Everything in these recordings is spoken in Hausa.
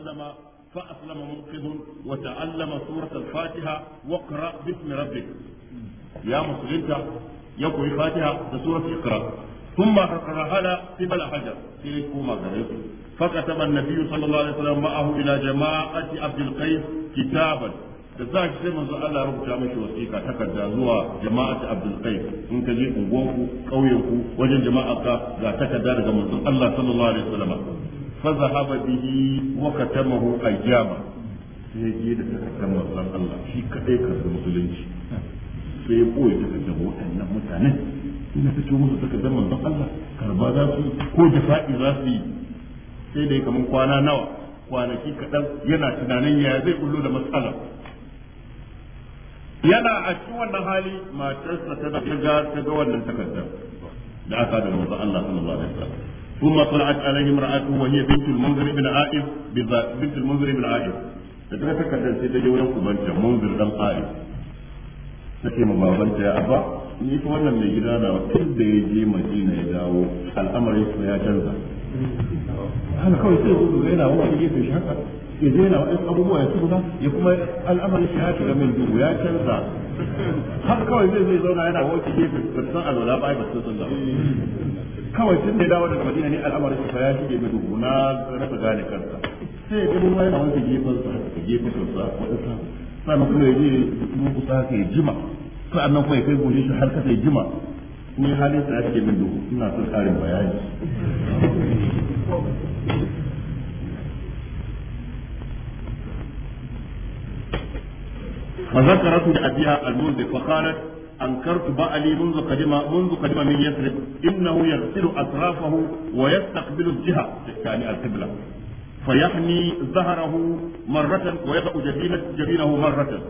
وسلم فأسلم منقذ وتعلم سورة الفاتحة واقرأ باسم ربك يا مسلمك يقوي الفاتحة بسورة اقرأ ثم قرأها في بلا حجر في كوما فكتب النبي صلى الله عليه وسلم معه إلى جماعة عبد القيس كتابا da za ki sai manzo Allah rubuta miki wasiƙa takarda zuwa jama'at Abdul Qais in ka je unguwanku ƙauyenku wajen jama'a ka ga takarda daga manzo Allah alaihi fa zahaba bihi wa katamahu ayyama sai ya je da takardar manzon Allah shi kamar kwana nawa kwanaki kaɗan yana tunanin ya zai kullo da matsala yana a cikin wannan hali matarsa ta ga ta ga wannan takardar da aka da manzon Allah sallallahu alaihi wasallam ثم طلعت عليه امرأته وهي بنت المنذر بن عائب بنت المنذر بن عائب تتركت كذا سيدة جولة كبنت منذر بن عائب تكي ما بنت يا أبا نيت وانا من جدانا وكل بيجي مدينة يداو الأمر يصبح يا جنزة هذا كوي سيدة جولة هنا هو يجي في شهر يزينا وإذ أبو مو يسودا يقوم الأمر يصبح يا جنزة من جولة يا جنزة هذا كوي سيدة جولة هنا هو يجي في الفرسان ولا بعيد بس kawai tun da dawo daga madina ne al'amarin shi ya shige mai dubu na rasa gane kansa sai ya ga mun yana wanke gefen sa da gefen sa wadansa na kuma ya je mun kusa ka ya jima sannan kuma ya kai goshin shi har kasa ya jima ni halin sa ya shige mai dubu ina son ƙarin bayani فذكرت لأبيها المنذر فقالت أنكرت بألي منذ قدم منذ قدم من يثرب إنه يغسل أطرافه ويستقبل الجهة يعني القبلة فيحمي ظهره مرة ويضع جبينة جبينه مرة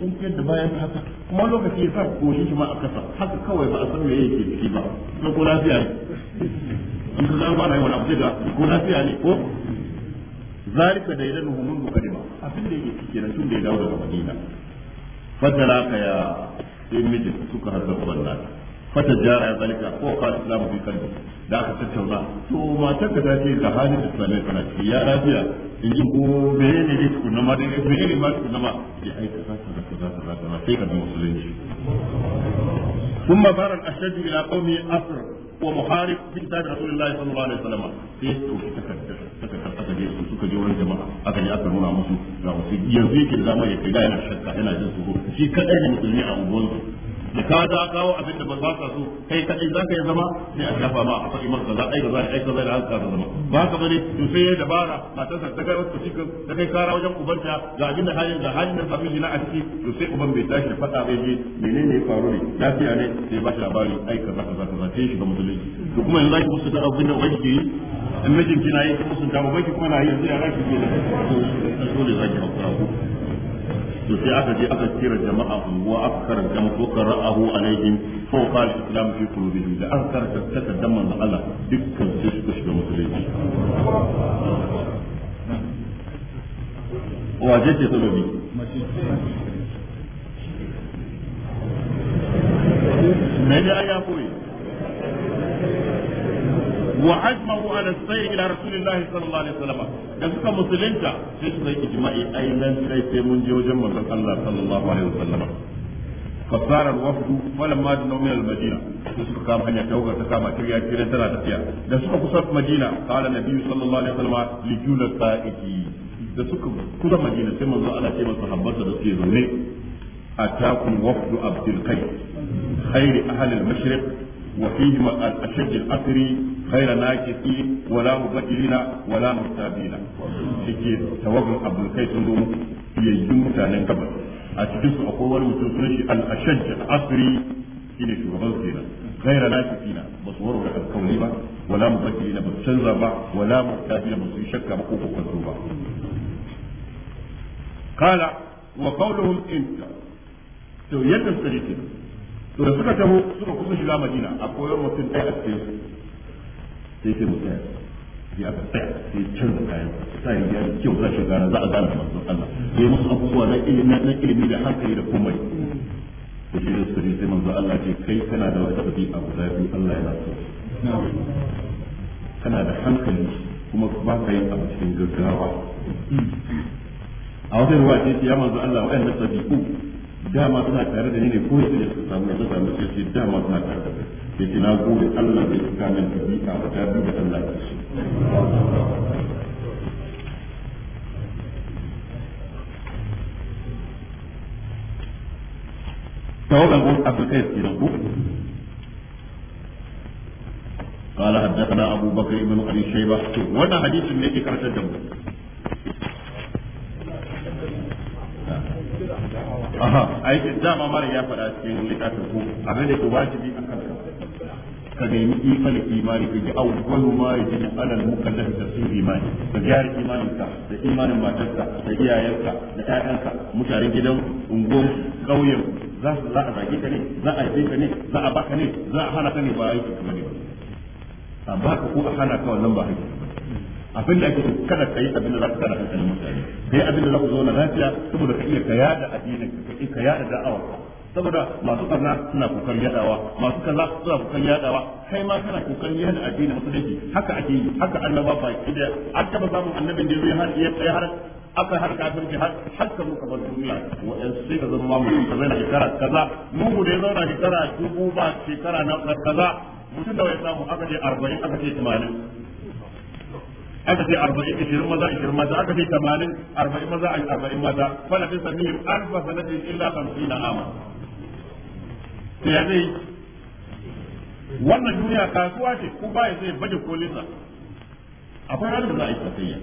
sun fiyar da bayan haka kuma lokaci ya sa koshin shi ma a kasa haka kawai ba a san me yake ciki ba ko ko lafiya ne in ka zama na yi wani abu da ko lafiya ne ko zalika da idan mun mukarima abin da yake ciki na tun da ya dawo daga madina fatalaka ya sai mijin suka hasa kwallon fata jara ya zalika ko fa islamu bi kalbi da aka tattauna to matar ka ta ce ga da tsale kana ya rafiya in ji ko oh, bai ne ku ma da ne ne ma ku nama ya aika za ta za ta za ta sai ka musulunci ثم بار الأشد إلى قوم أفر ومحارب في كتاب رسول الله صلى الله عليه وسلم sai a suka je jama'a aka aka nuna musu ga wasu yanzu yake zama ya kai yana shakka yana jin tsoro shi kadai ne musulmi a unguwarsu da ka za kawo abin da ba za ka so kai kadai za ka yi zama sai a shafa ma a faɗi maka za ai kaza ai kaza da haka zama ba ka bane to sai ya dabara matar sa ta kai wata cikin ta kai kara wajen ubanta ga abin da halin da halin da abin na a ciki to sai uban bai tashi da faɗa bai je menene ya faru ne lafiya ne sai ba shi labari ai kaza kaza kaza sai shi ga musulunci to kuma yanzu zaki musu da abin da wani ke yi in mijin kina yi ki musu da ubanki kuma na yi yanzu ya zaki ke da to dole zaki hakura to sai aka je aka kira jama'a unguwa aka karanta musu qara'ahu alaihim fa qala islam fi qulubihim da aka karanta takaddan manzo Allah dukkan su suka shiga musulunci waje ce sababi me ne aya koyi wa ajma'u ala sayyi ila rasulillahi sallallahu alaihi wasallam da suka musulunta sai suka yi ijma'i ai nan sai sai mun je wajen manzon Allah sallallahu alaihi wasallam فصار الوفد فلما دنوا من المدينه da suka kama hanya ta wuka ta kama kirya kiran tana tafiya da suka kusa madina kala nabi sallallahu alaihi wasallam da suka kusa madina sai manzo ce masa da suke zaune atakum wafdu abdul qais khairi ahli al-mashriq وفيهما الأشد الأثري غير ناكثين ولا مبدلين ولا مرتابين شكي توقع أبو الكيسن في يجمع تانين أتجس أقوال وتوصلش الأشد الأثري shine shugaban kenan gaira lafifina ba su warware alkawari ba wala mubaddilina ba su canza ba wala murtabina ba su yi shakka ba ko ba kala wa yadda to da suka taho suka kusa shiga madina a koyar mutum ɗaya a cikin sai sai mutum ya aka tsaya sai canza kayan sa yi ya kyau za shi gara za a gane masu Allah sai musu abubuwa na ilimi da hankali da kuma da shi da suri sai manzo Allah ce kai kana da wata a guda biyu Allah ya nasu kana da hankali kuma ba ka yi abu cikin gaggawa a wata ruwa ce ya manzo Allah bi ku. dama suna tare da ni ne ko yadda su samu su samu sai ce dama suna tare da ni sai na gode Allah da ya saka min tabi'a wa ta da Allah ta shi tawagan gun afirkai kenan ko قال حدثنا ابو بكر بن ابي شيبه وأنا حديث من يكي كرشة aha ai dama mara ya faɗa cikin littafin ku abin da ke wajibi a kanka ka nemi ikon imani ka ji awwalu ma yajin alal mukallaf tasir imani ka gyara ka, da imanin matarka da iyayenka da ƴaƴanka mutanen gidan unguwar ƙauyen za su za a zage ka ne za a yi ka ne za a baka ne za a hana ka ne ba aiki kamar ne ba a baka ko a hana ka wannan ba haƙƙi abin da ake so kada kai abin da za ka kada hankalin mutane kai abin da za ku zauna lafiya saboda ka iya ka yada addinin ka ka yada da'awa saboda masu kaza suna kokarin yadawa masu kaza suna kokarin yadawa kai ma kana kokarin yada addinin musulunci haka ake yi haka annaba ba ki da an taba samun annabin da ya har ya har aka har kafin ki har hakka muka bar duniya wa in sai ka zama mutum kaza na shekara kaza mu da ya zauna shekara dubu ba shekara na kaza mutum da ya samu aka je 40 aka je 80 aka ce arba'in ishirin maza ishirin maza aka ce tamanin arba'in maza arba'in maza fala fi samihim alfa sanatin illa hamsina ama sai ya zai wannan duniya kasuwa ce ko ba ya zai baje kolisa akwai ranar da za a yi tafiya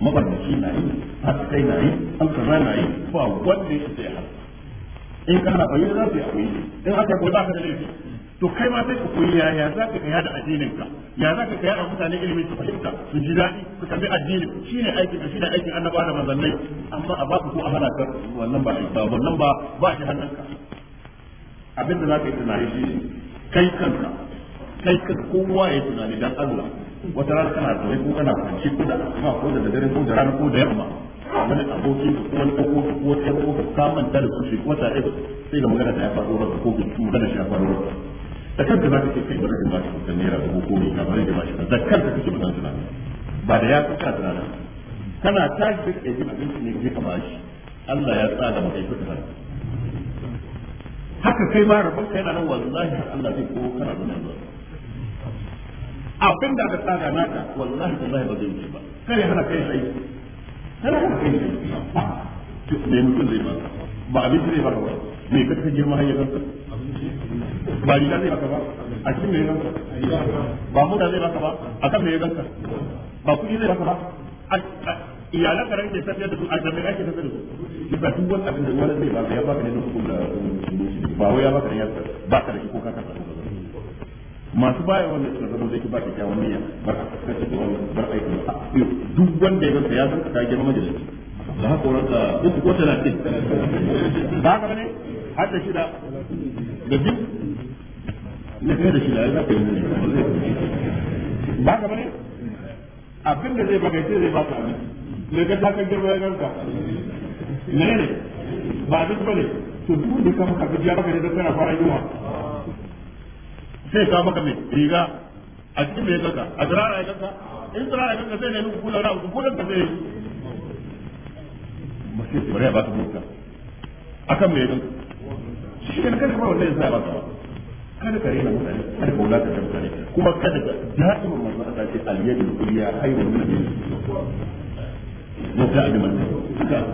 mabarnaci na yi hasikai na yi alkaza na yi ba wanda ya sai har in kana bayyana za su yi akwai in aka yi ko za ka da laifi to kai ma sai ka koyi yaya za ka kaya da addinin ka ya za ka kaya da mutane ilimin su fahimta su ji daɗi su kalli addinin shine aikin ka shine aikin annabawa da manzannai amma a ba ku ko a hana ka wannan ba aiki ba wannan ba ba shi ka abin da za ka yi tunani shi kai kanka kai kanka kowa ya tunani dan Allah wata rana kana zaune ko kana kwanci ko da asuba ko da dare ko da rana ko da yamma wani aboki ko wani ko ko ko ko ko ko da ko ko ko ko sai da magana ko ya ko ko ko ko shi ko faru zakar da za ka ce kai ba zai ba shi kusan naira dubu ko ne ka ba zai ba shi ba zakar da kake ba tunani ba da ya kuka tunani kana tashi da kai abinci ne kama shi Allah ya tsara maka ita tunani haka kai ma rabon kai na nan wallahi Allah zai ko kana da nan abin da aka tsara naka wallahi wallahi ba zai wuce ba kare hana kai sai kana hana kai sai ne mutum zai ba ba abin zai ba ba me kake girma ba riga zai baka ba a cikin me ranka ba mota zai baka ba a kan me ranka ba kuɗi zai baka ba iyalan karan ke tafiyar da su a jami'a ake tafiyar da su shi ba duk wani abin da wani zai baka ya baka ne da hukum da ba wai ya baka ne ya baka da shi ko ka kasa masu baya wanda suka zama zai ba kyakkyawan niyya bar ka ci da wannan bar aiki ba duk wanda ya ganta ya san ka girma majalisi da haka wurin ka uku ko talatin ba haka bane har da shida da biyu na kai da shi da za ka yi ba ka bane abin da zai baka sai zai baka abin ne ka ta kan girma ya ganka ne ne ba duk bane to duk da ka maka gajiya baka da kana fara yunwa sai ka maka mai riga a cikin mai kanka a tsirara ya kanka in tsirara ya kanka sai ne sai ba ta mutu akan mai kanka shi ne kan kuma wannan ya sa ba ta ba kada ka rena mutane kada ka wulakanta mutane kuma kada ka da'imar manzo Allah ce al-yadul ulya khayrun min al-yadul yadda da manzo kada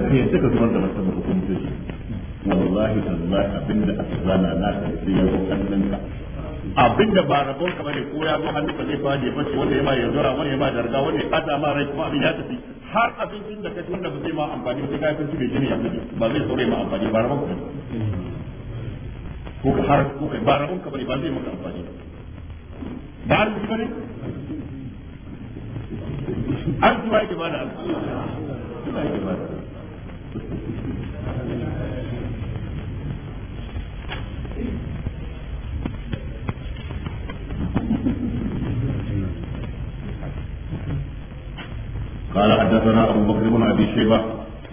ka yadda ka zubar da martaba hukunci wallahi tallahi abinda aka zana na ka sai ya hannunka abinda ba rabon ka bane ko ya zo hannunka zai fadi bace wanda ya ma ya zura wanda ya ma darga wanda ya kada ma rai kuma abin ya tafi har abincin da ka ci wanda ba zai ma amfani ba sai ka yi kunci da jini ya fito ba zai saurayi ma amfani ba rabon ka ko ka har ko ka ba rabon ka bari ba zai maka amfani ba har ku bane har ku yake ba da قال حدثنا ابو بكر بن ابي شيبه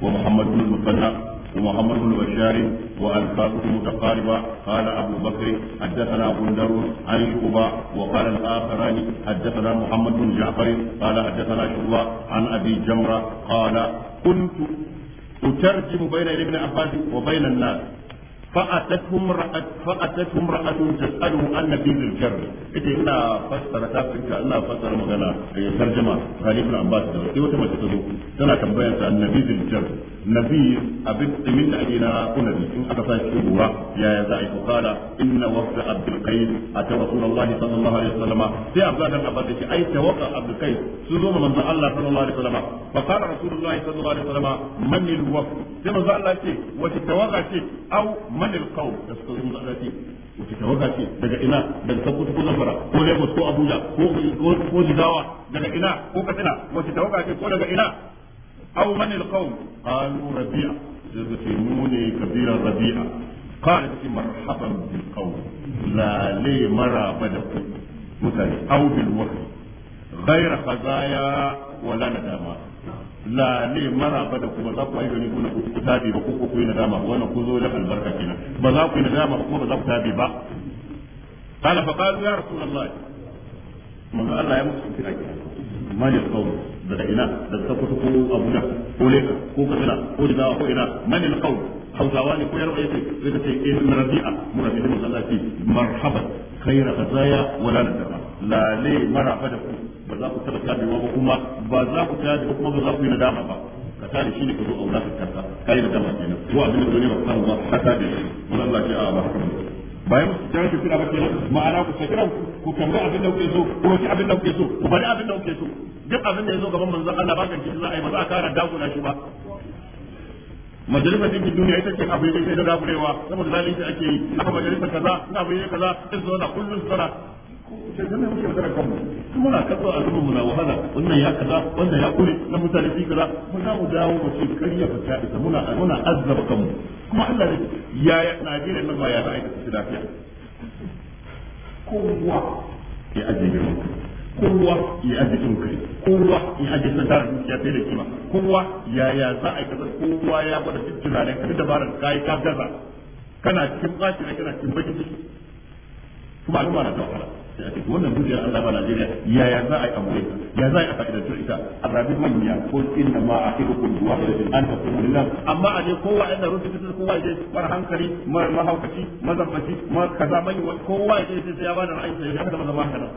ومحمد بن المثنى ومحمد بن بشار والفاظه متقاربه قال أبو بكر حدثنا بندر عن شعبة وقال الآخران حدثنا محمد بن جعفر قال حدثنا شعبة عن أبي جمرة قال كنت أترجم بين ابن عباس وبين الناس فأتتهم رأت فأتتهم رأة تسأله عن نبيذ الجر إذا إنا فسر تافك إنا فسر مغنى ترجمة خليل بن عباس دوتي وتما تتدو سنة تنبيا عن نبيذ الجر نبيذ أبد من أجينا كنا إن أكفا الشبورة يا يزعي فقال إن وفد عبد القيد أتى رسول الله صلى الله عليه وسلم في عبد الله عبد أي توقع عبد القيد سلوم من الله صلى الله عليه وسلم فقال رسول الله صلى الله عليه وسلم من الوفد كما قال الله وتتوقع أو man al da suka zo da ce wace tawaga ce daga ina daga Sokoto ko Zamfara ko Lagos ko Abuja ko ko Jigawa daga ina ko Katsina wace tawaga ce ko daga ina aw man al qalu rabi'a sai ce mu ne kabira rabi'a قالت مرحبا بالقوم لا لي مرى بدكم mutane au bil wahyi ghayra khazaya wala nadama la ne ba da kuma za ku aika ne kuna ku tabi ba ku ku yi nadama wannan ku zo da albarka kenan ba za ku yi nadama ba kuma ba za ku tabi ba qala fa qalu ya rasulullah manzo Allah ya musu kira kenan ma ya qawm da ina da sakutu ko abuja ko leka ko kabila ko da ko ina man al qawm hausawa ne ko yar ayyuka sai ka ce eh, in rabi'a murabi da Allah fi marhaban khayra qadaya wala nadama la ne ba da ku ba za ku taba tabewa ba kuma ba za ku tada ba kuma ba za ku yi nadama ba ka tare shi ne ka zo a wulatar kanka ka yi nadama kenan ko abin da zo ne ba samu ba ka tabe shi wannan Allah ce a ba haka ba bayan ku kira ku kira ba kenan ma'ana ku kira ku kanga abin da kuke so ku ci abin da kuke so ku bari abin da kuke so duk abin da yazo gaban manzon Allah ba kan za a yi ba za a kara dagula shi ba majalisar ɗinkin duniya ita ce abu yake da dagulewa saboda zalunci ake yi aka majalisar kaza ina abu yake kaza zo na kullun zauna sai zama kanmu muna kasa a zuba muna wahala wannan ya kaza wannan ya kure na mutane fi kaza mu za mu dawo mu ce karya ba ta isa muna muna azzaba kanmu kuma Allah ne ya Najeriya nan ba ya ra'ayi ta lafiya kowa ya aje kowa ya aje jin kai kowa ya aje da kima kowa ya ya za a kowa ya duk tunanin dabarar kai ka gaza kana cikin kana cikin kuma al'umma na wahala sai a ce wannan dukiyar Allah ba Najeriya yaya za a yi aure ya za a yi a fa'idantar ita a zabi manya ko inna ma a kai hukun duwa an ta kuma lillah amma a je kowa yana rufe fitar kowa ya je mara hankali mar mahaukaci mazabbaci mar kaza mai kowa ya je sai ya bada ra'ayinsa ya zama zama haka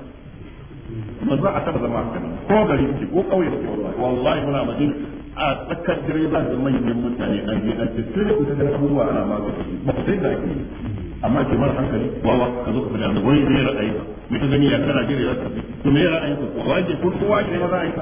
ba za a taba zama haka ko gari ce ko kauye ce wallahi muna madina a tsakar direba da manyan mutane an je an ce sai ku ta abubuwa ana ma ba sai da ake amma ke mara hankali wawa ka zo ka fada da wani zai ra'ayi ba mutum gani ya kana jira ya tafi to me ra'ayin ku waje ko kowa ne ma ra'ayi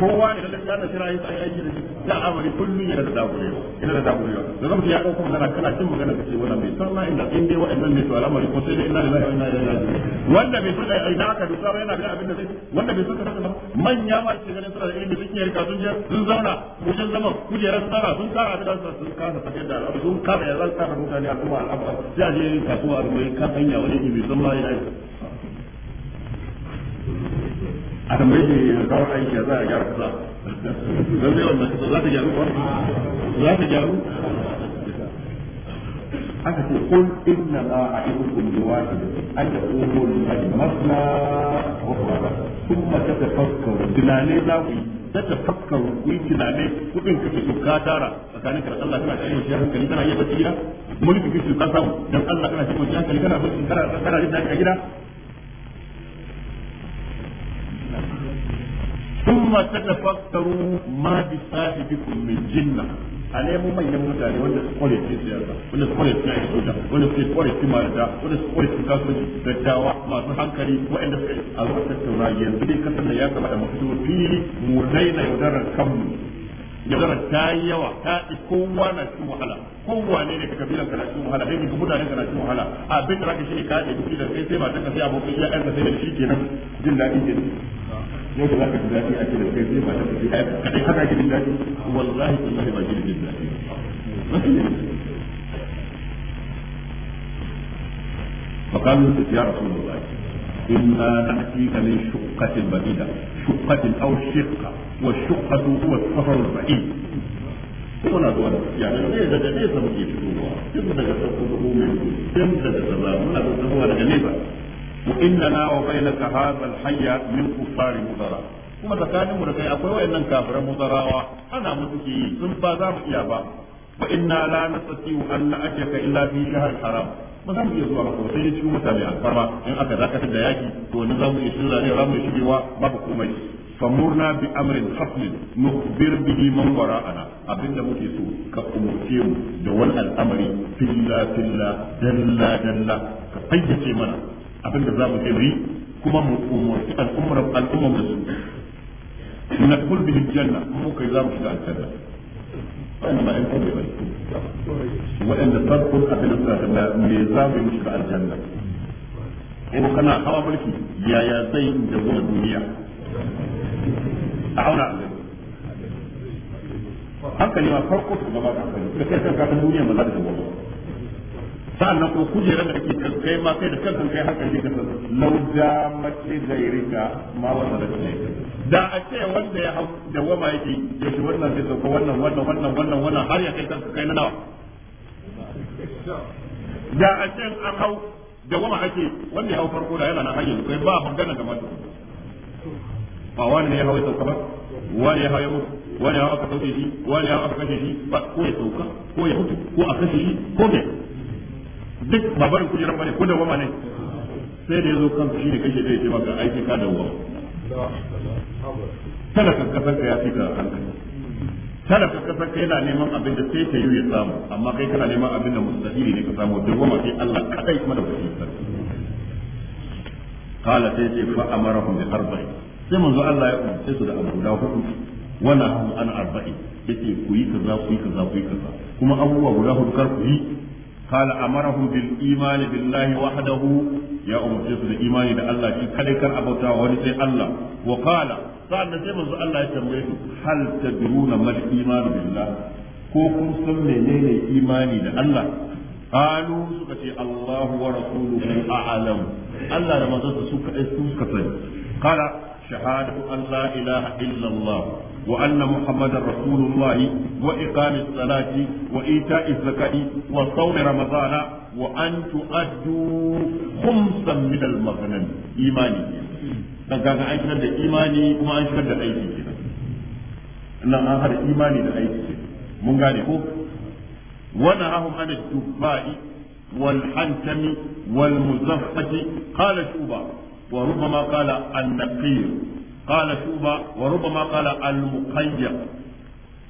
kowa ne da ya da kira yasa ai aiki da shi da amari kullun yana da dakure yana da dakure da zama ya dauko magana kana cin magana kace wannan bai san inda in dai wa'annan ne to al'amari ko sai da inna lillahi wa inna ilaihi raji'un wanda bai san ai da aka dusa ba yana da abin da zai wanda bai san kaza manya ma ke ganin suna da ilimi sun yarka sun je sun zauna wajen zaman kujerar sana sun kara abin da sun kasa tafiyar da al'amari sun kara ya zan kara mutane al'umma al'amari sai a je kasuwa a rubuce kan hanya wani ibi sun ma yana a tambaye shi kawar aiki za a gyara kusa. don zai za ta gyaru ba za ta gyaru aka ce kun inna la a ibukun bi wahid an da qulu li masna wa qurba thumma tatafakkaru tunane za ku ta tafakkaru yi tunane kudin kake so tara tsakanin ka Allah kana cikin shi hankali kana yi bacci gida mulki kake so samu dan Allah kana cikin shi hankali kana bacci kana kana jin daɗi a gida thumma tatafakkaru ma bi sahibikum min jinna a nemo manyan mutane wanda su kware su siyasa wanda su kware su yi soja wanda su kware su marata wanda su kware su kasuwanci dattawa masu hankali waɗanda suka a zuwa tattauna yanzu dai kasar da ya kamata mu fito fili mu daina yaudarar kanmu yaudarar ta yi yawa ta kowa na cikin wahala kowane ne ka kana cikin wahala dai ka mutane kana wahala a da zaka shi ne ka ɗebi kuɗi da ba ta shi kenan jin daɗi فقالوا يا رسول الله إنا نأتيك من شقة بعيدة شقة أو شقة والشقة هو السفر البعيد ولا دولة يعني ليس ليس مجيب الله كيف تقوله من كيف تجد الله ولا تقوله على وإننا وبينك هذا الحي من كفار مضرا kuma tsakaninmu da kai akwai wayannan kafiran mutarawa ana mutuki yi sun ba za mu iya ba wa inna la nastati an na'tiyaka illa fi shahr haram ba za mu iya zuwa ba sai cikin mutane alfarma in aka dakatar da yaki to ne za mu iya shirya ne za mu iya shigewa babu komai famurna bi amrin haflin nukbir bihi man wara'ana abinda muke so ka umurce mu da wani al'amari filla filla dalla dalla ka fayyace mana abin da za mu ce mu kuma mu umarci al'ummar al'ummar da su na kul bi janna mu kai za mu shiga aljanna wanda ba ɗan kome bane waɗanda farkon abin da suka tambaya me za mu yi shiga aljanna in kana hawa mulki yaya zai da zuwa duniya a auna hankali ma farko su gaba hankali da kai kan kafin duniya ma za ta dawo sa'annan kuma kujerar da ake kan kai ma kai da kanka kai haka ne ka san da mace gairika ma wasa da kai da a ce wanda ya hau da wama yake ya shi wannan zai sauka wannan wannan wannan wannan wannan har ya kai kanka kai na nawa da a ce an hau da wama ake wanda ya hau farko da yana na hanyar kai ba magana ga mata ba wani ne ya hau ya sauka ba wani ya hau ya mutu wani ya hau aka sauke shi wani ya hau aka kashe shi ba ko ya sauka ko ya mutu ko a kashe shi ko me duk ba barin kujerar bane ko da wama ne sai da yazo kan shi ne kashe zai ce maka aiki ka da wama talaka kasar ka ya fi ka hankali talaka kasar ka yana neman abin da sai ta yi ya samu amma kai kana neman abin da mustahili ne ka samu duk wama sai Allah kadai kuma da kuɗi kala sai ce fa amarahum bi arba'in sai manzo Allah ya umarce su da abu guda hudu wannan an arba'in yace ku yi kaza ku yi kaza ku yi kaza kuma abubuwa guda hudu kar ku yi قال أمرهم بالإيمان بالله وحده يا أم جسد إيماني دا الله كي كلكر أبوتا ونسي الله وقال سأل نسيما الله يتمريك هل تدرون ما الإيمان بالله كوكم سمنيني إيماني دا الله قالوا سكتي الله ورسوله أعلم الله لما تسوك سكتي قال شهادة أن لا إله إلا الله وأن محمد رسول الله وإقام الصلاة وإيتاء الزكاة وصوم رمضان وأن تؤدوا خمسا من المغنم إيماني daga an shigar da imani kuma an da aiki kenan nan an hada imani da aiki mun gane wal hantami wal muzaffati qala shuba وربما قال النقير قال شوبة وربما قال المقيق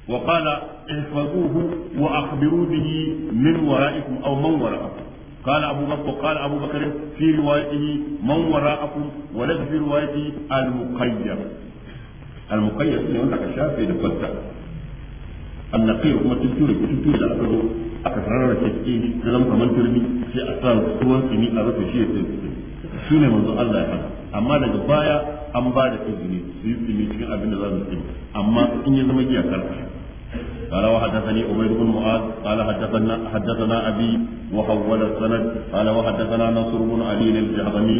وقال احفظوه وأخبروا به من ورائكم أو من وراءكم قال أبو بكر قال أبو بكر في روايته من وراءكم وليس في روايته المقيم المقيم اللي عندك الشافعي لفتة النقير kuma tutturi tutturi da aka zo aka rarrace cikin zama kamar turmi sai a sa ruwan tsini a rufe shi ya shine manzon Allah ya faɗa amma daga baya an ba da izini su yi izini cikin abin da za su yi amma in ya zama giya karfa قال وحدثني عبيد بن معاذ قال حدثنا حدثنا ابي وحول السند قال وحدثنا نصر بن علي الجهضمي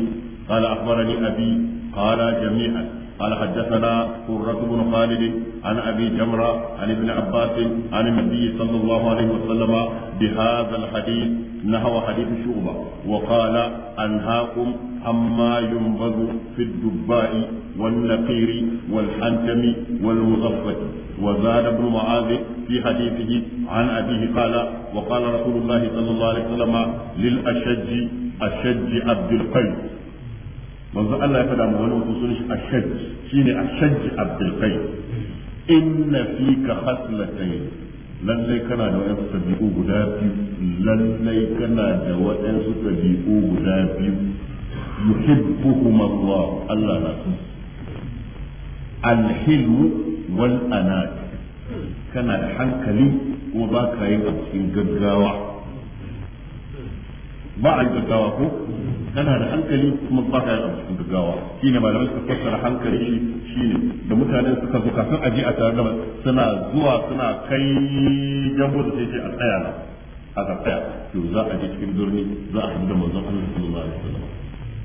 قال اخبرني ابي قال جميعا قال حدثنا قرة بن خالد عن أبي جمرة عن ابن عباس عن النبي صلى الله عليه وسلم بهذا الحديث نحو حديث شعبة وقال أنهاكم عما ينبذ في الدباء والنقير والحنتم والمصفة وزاد ابن معاذ في حديثه عن أبيه قال وقال رسول الله صلى الله عليه وسلم للأشج أشج عبد القيس manzo Allah ya faɗa wa wani mutum sunan shi ashaj shine ashaj abdul qayyim inna fika khaslatayn lallai kana da waɗansu tabi'u guda biyu lallai kana da waɗansu tabi'u guda biyu yuhibbuhum Allah Allah na su alhilmu wal anat kana da hankali kuma ba ka a cikin gaggawa ba a yi gaggawa ko kana da hankali kuma ba ka yi a cikin gaggawa shi ne malamai suka fassara hankali shi ne da mutane suka zo kafin aje a tare da suna zuwa suna kai jambo da sai ce a tsaya na aka tsaya to za a je cikin birni za a haɗu da manzon Allah sallallahu alaihi wasallam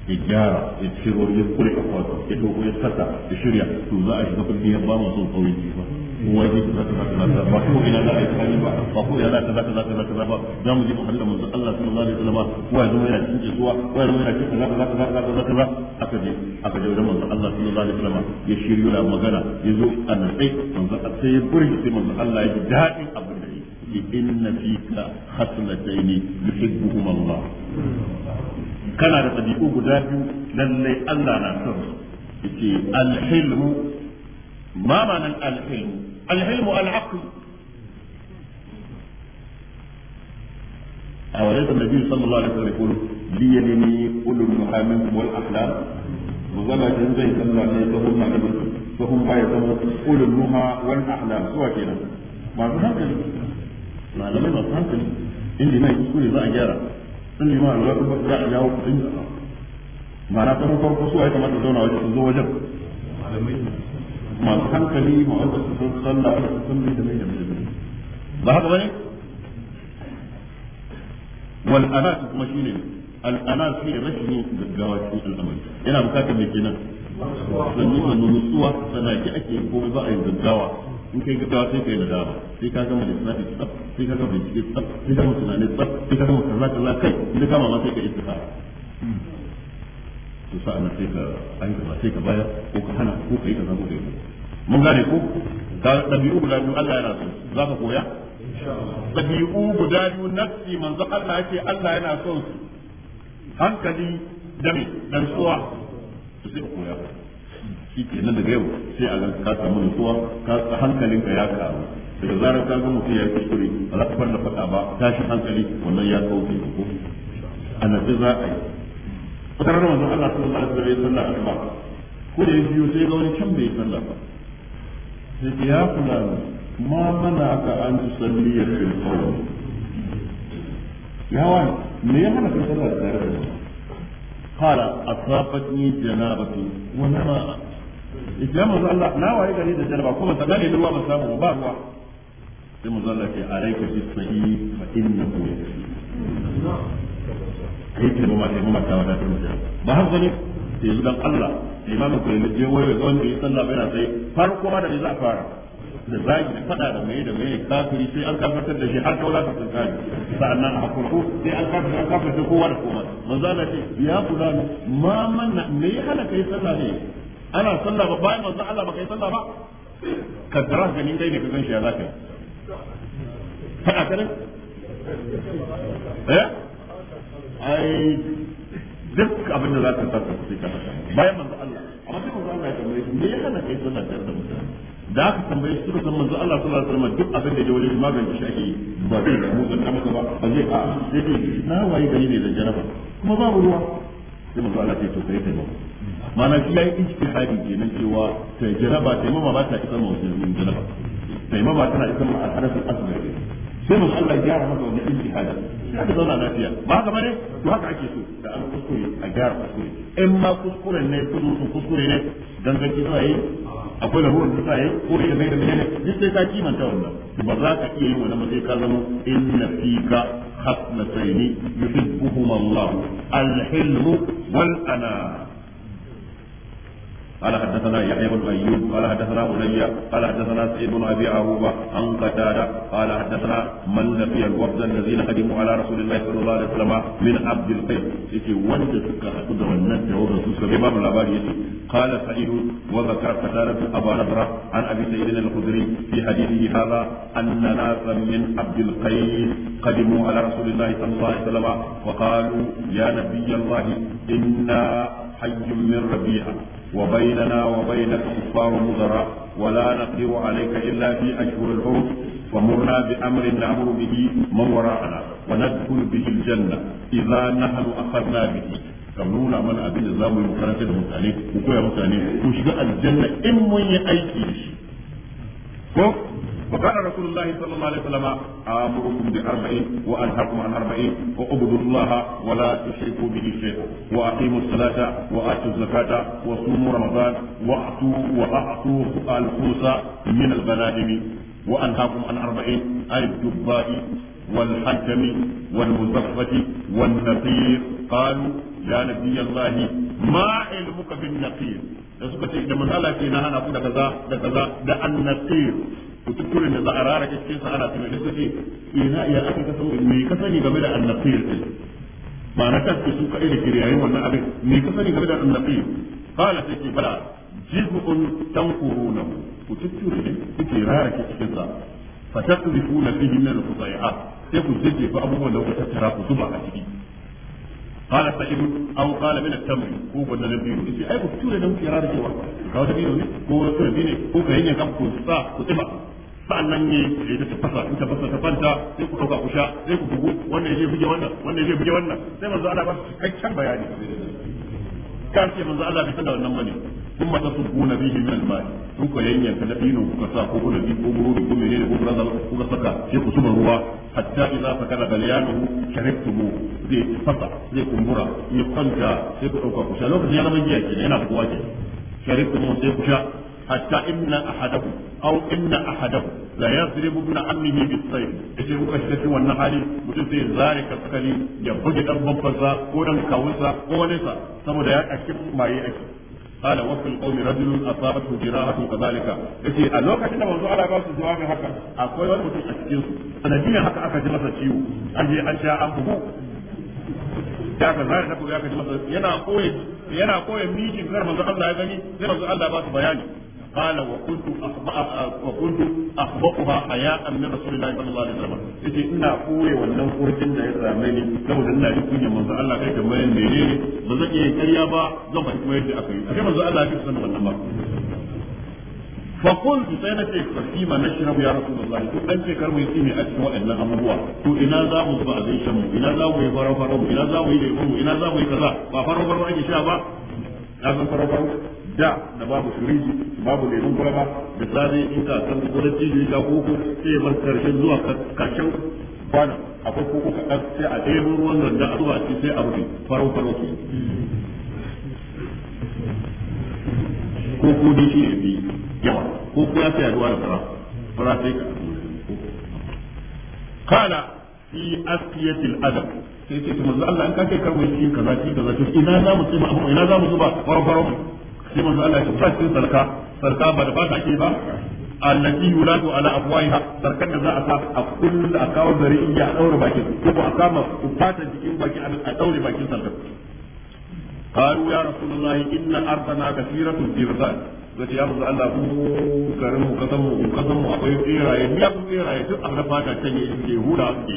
ya gyara ya ciro ya kure akwato ya dogo ya sata ya shirya to za a shiga birni ya ba masu kauyen ba waje kaza kaza kaza ba ko ina za a yi tsani ba ba ko ina za ka za ka za ka za ka ba za mu ji mu halla da Allah sallallahu alaihi wasallam ko ya zama yana cikin zuwa ko ya zama yana cikin kaza kaza kaza kaza kaza aka je aka je wajen manzo Allah sallallahu alaihi wasallam ya shiryo da magana ya zo a nasai manzo sai ya sai manzo Allah ya ji daɗin abin da yake inna fika khaslataini yuhibbuhuma Allah kana da tabi'u guda biyu lallai Allah na son yace alhilmu ma ma'anan alhilmu العلم العقل أوليس النبي صلى الله عليه وسلم يقول لي أولو النهى منكم والأحلام وزما جنزي صلى الله عليه وسلم فهم ما يسمون أولو النهى والأحلام سوى كده ما هذا ما لم يبقى هذا إني ما يقول إذا أجارة إني ما أقول لا أجاو إني ما أنا فرقوا سوى كما تزون وجه masu hankali ma wanda su san da su da mai da ba haka bane wal anas kuma shine al anas shi rashin gaggawa cikin al'amari yana bukatar me kenan sanni da nutsuwa sanaki ake komai ba a yi gaggawa in kai gaggawa sai kai nadama sai ka gama da sanadi tsaf sai ka gama bincike tsaf sai ka gama tunanin tsaf sai ka gama kaza kaza kai idan kama ma sai ka istikhara to sa'an sai ka aika sai ka bayar ko ka hana ko ka yi kaza ko ka yi mun gane ko da dabi'u guda biyu Allah yana so za ka koya dabi'u guda biyu nafsi manzo Allah yake Allah yana so su hankali da me da tsuwa to sai ka koya shi ke nan daga yau sai a ka samu nutsuwa ka hankalinka ya karu daga zarar ka gama mutum ya kuskure ba za ka farna faɗa ba tashi hankali wannan ya kauce ko ana sai za a yi sanar manzon Allah sallallahu alaihi wasallam sallah asuba ko da biyu sai ga wani can bai sallah ba sai ya kula ma mana ka an salli ya fil qawl ya wani, me ya mana ka da tare da fara asafatni janabati wani ma idan manzon Allah na waye gari da janaba kuma ta gane ruwa musamman ba ruwa sai manzon Allah ya arai ka shi sahihi fa innahu yasir kai ce ba ma sai ta ta wadatar mu ba haka ne sai yi dan Allah limamin ku ne je wayo ga wanda ya sallah bai na sai farko ma da za a fara da zagi da fada da mai da mai kafiri sai an kafartar da shi har kaula ta tsari sa'annan a hakurku sai an kafirta an kafirta kowa da kowa manzo Allah ce ya fulano ma manna me ya hana kai sallah ne ana sallah ba bayan manzo Allah ba kai sallah ba ka tara ganin dai ne ka gan shi ya zaka fada ka ne eh ai duk abin da za ka saka sai ka saka bayan manzo Allah amma sai manzo Allah ya tambaye shi me ya hana kai sallah tare da mutane da aka tambaye su san manzo Allah sallallahu alaihi wasallam duk abin da ya wani magani shi ake ba zai da mu zanta maka ba ba zai a sai dai na waye gari ne da jaraba kuma babu ruwa sai manzo Allah ya to kai taimako ma'ana shi yayi ijtihadi kenan cewa ta jaraba taimama ba ta isa ma wajen jaraba taimama tana isa ma al-hadath al sai mun Allah ya gyara masa wannan ijtihadin sai ka zauna lafiya ba haka bane to haka ake so da an kuskure a gyara kuskure in ma kuskuren ne kudu kuskure ne dan zaki zuwa yi akwai lahuwar da sa yi ko da mai da mai ne duk sai ka kimanta wannan ba za ka iya yin wannan ba sai ka zama inna fika hasnataini yuhibbuhuma Allah al-hilmu wal ana قال حدثنا يحيى بن ايوب قال حدثنا بني قال حدثنا سعيد بن ابي عروبه عن قتاده قال حدثنا من لقي الوفد الذين قدموا على رسول الله صلى الله عليه وسلم من عبد القيس يتي وند سكا حدود والناس جواب رسول الله الابار يتي قال سعيد وذكر قتاده ابا نضره عن ابي سعيد الخدري في حديثه هذا ان ناسا من عبد القيس قدموا على رسول الله صلى الله عليه وسلم وقالوا يا نبي الله انا حي من ربيع وبيننا وبينك كفار مزراء ولا نقدر عليك إلا في أشهر الحرم ومرنا بأمر نأمر به من وراءنا وندخل به الجنة إذا نحن أخذنا به kan nuna mana abin da za mu yi makarantar da mutane ku koya mutane ku shiga aljanna in mun yi aiki da shi ko فقال رسول الله صلى الله عليه وسلم امركم باربع وانهاكم عن اربع واعبدوا الله ولا تشركوا به شيئا واقيموا الصلاه واتوا الزكاه وصوموا رمضان واعطوا واعطوا الخمس من الغنائم وانهاكم عن اربع اي الدباء والحكم والمزفة والنقير قالوا يا نبي الله ما علمك بالنقير da suka ce da manzala ke na hana ku da kaza da kaza da annaqir kuskuren da za a rara cikin sahara ta da kace ina eh, ya aka kasan me kasani game da annabiyar din ba na kasu su kai da kiriyayin wannan abin me ka game da annabiyar qala sai bala jihun tankuruna ku tutture ne kuke rara cikin sa fa tasrifuna fihi min al-qudai'at sai ku jike fa abubuwan da kuka tattara ku zuba a ciki قال سعيد او قال من التمر هو بدل البيض اي كنت تقول لهم كرار جوا كاو تبينو ني هو تبينو ني هو كاين كم كنت صح sa'an nan ne ya ta tafasa in tafasa ta fanta sai ku kauka ku sha sai ku bugu wanda ya je buge wannan wanda ya je buge wannan sai manzo Allah ba su cikakken bayani kan ce manzo Allah bai san da wannan bane ثم تصبون به من الماء sun ka yanyanka na dinin ku kasa ko kuna bihi ko bururi ko menene ko ku kuka saka sai ku zuba ruwa hatta ila idza fakara balyanu sharibtumu zai fasa zai kumbura ya kanta sai ku kauka ku sha lokacin ya zama giya kenan yana buwaje ke sharibtumu sai ku sha hatta inna ahadahu aw inna ahadahu la yadribu ibn ammihi bisayf yace muka shiga cikin wannan hali mutum zai zare kaskari ya buge dan babbansa ko dan kawunsa ko saboda ya kashe maye ake قال وفي القوم رجل اصابته جراحه كذلك yace a lokacin da manzo Allah ba su jawabin haka akwai wani mutum a cikin su sanadiyan haka aka ji masa ciwo an je an sha an bugu ya ka zai da bugu ya ji masa yana koyi yana koyi mijin kar manzo gani sai manzo Allah ba su bayani قال وكنت وكنت اخبأها حياء من رسول الله صلى الله عليه وسلم yace ina koye wannan kurjin da ya same ni saboda ina jin kunya manzo Allah kai kamar yanda ne ba zan iya karya ba zan faɗi kuma yadda aka yi sai manzo Allah ya san wannan ba فقلت سنة فيما نشرب يا رسول الله تو أنت كرم يسيني أتنوى إن أمروا تو إنا ذا مصبع ذي شمو إنا ذا ويفرو فرو إنا ذا ويفرو إنا ذا ويكذا وفرو فرو أجي شابا لازم فرو فرو da da babu shiriji babu lemun kwalaba da zabe in ka san gudan jiji ka koko sai bar karshen zuwa karshen kwana akwai koko kaɗan sai a ɗebo ruwan randa a zuwa shi sai a rufe farau farau ke koko da shi ne bi yawa koko ya sai zuwa da fara fara sai ka kala fi asiyatil adab sai ce to manzo Allah an kace karwai shi kaza shi kaza shi ina za mu tsima ina za mu zuba farau farau sai manzo Allah ya tsaya cikin sarka sarka ba da ba ta ke ba allati yulatu ala afwaiha sarkar da za a sa a kullu a kawo gari in ya daura bakin ko a kama fatan jikin baki a daure bakin sarka qalu ya rasulullah inna ardana kathiratu كثيرة في zai ya musu Allah ku garin mu kasan mu kasan mu akwai tsiraye ya ku tsiraye duk an rafa ta kan yi ke hura ke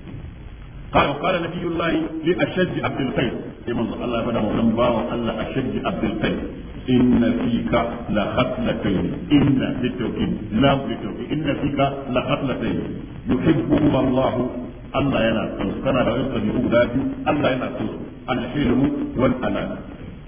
قال وقال نبي الله لأشج عبد القيس يمن الله بدا ولم باو الله أشج عبد القيس إن فيك لخصلتين إن للتوكيد لا للتوكيد إن فيك لخصلتين يحبهما الله الله ينا كان لو يقدر يقول الله ينا الحلم والأنانة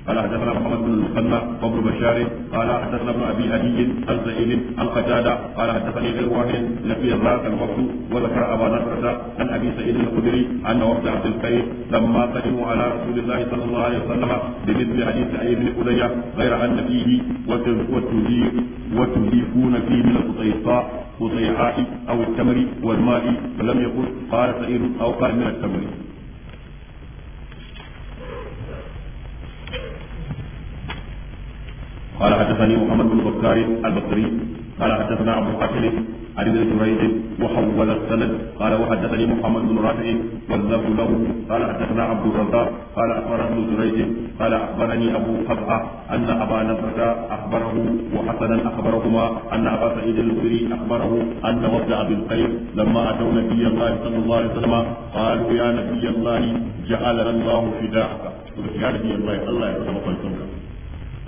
قال حدثنا محمد بن المثنى وابن بشار قال حدثنا ابن ابي هدي الزئيل القتاده قال حدثني غير واحد لقي ذاك الوقت وذكر ابا نصرة عن ابي سعيد الخدري ان وفد عبد القيس لما قدموا على رسول الله صلى الله عليه وسلم بمثل حديث سعيد بن خديجه غير ان فيه وتزيفون فيه من القطيصاء قطيعاء او التمر والماء فلم يقل قال سعيد او قال من التمر قال حدثني محمد بن بكار البصري قال حدثنا ابو حاتم عن ابن جريج وحول السند قال وحدثني محمد بن رافع والذات له قال حدثنا عبد الرزاق قال اخبرنا ابن جريج قال اخبرني ابو حفصه ان ابا نصر اخبره وحسنا اخبرهما ان ابا سعيد الخدري اخبره ان وفد ابي الخير لما اتوا نبي الله صلى الله عليه وسلم قالوا يا نبي الله جعلنا الله فداءك يا نبي الله الله يرحمك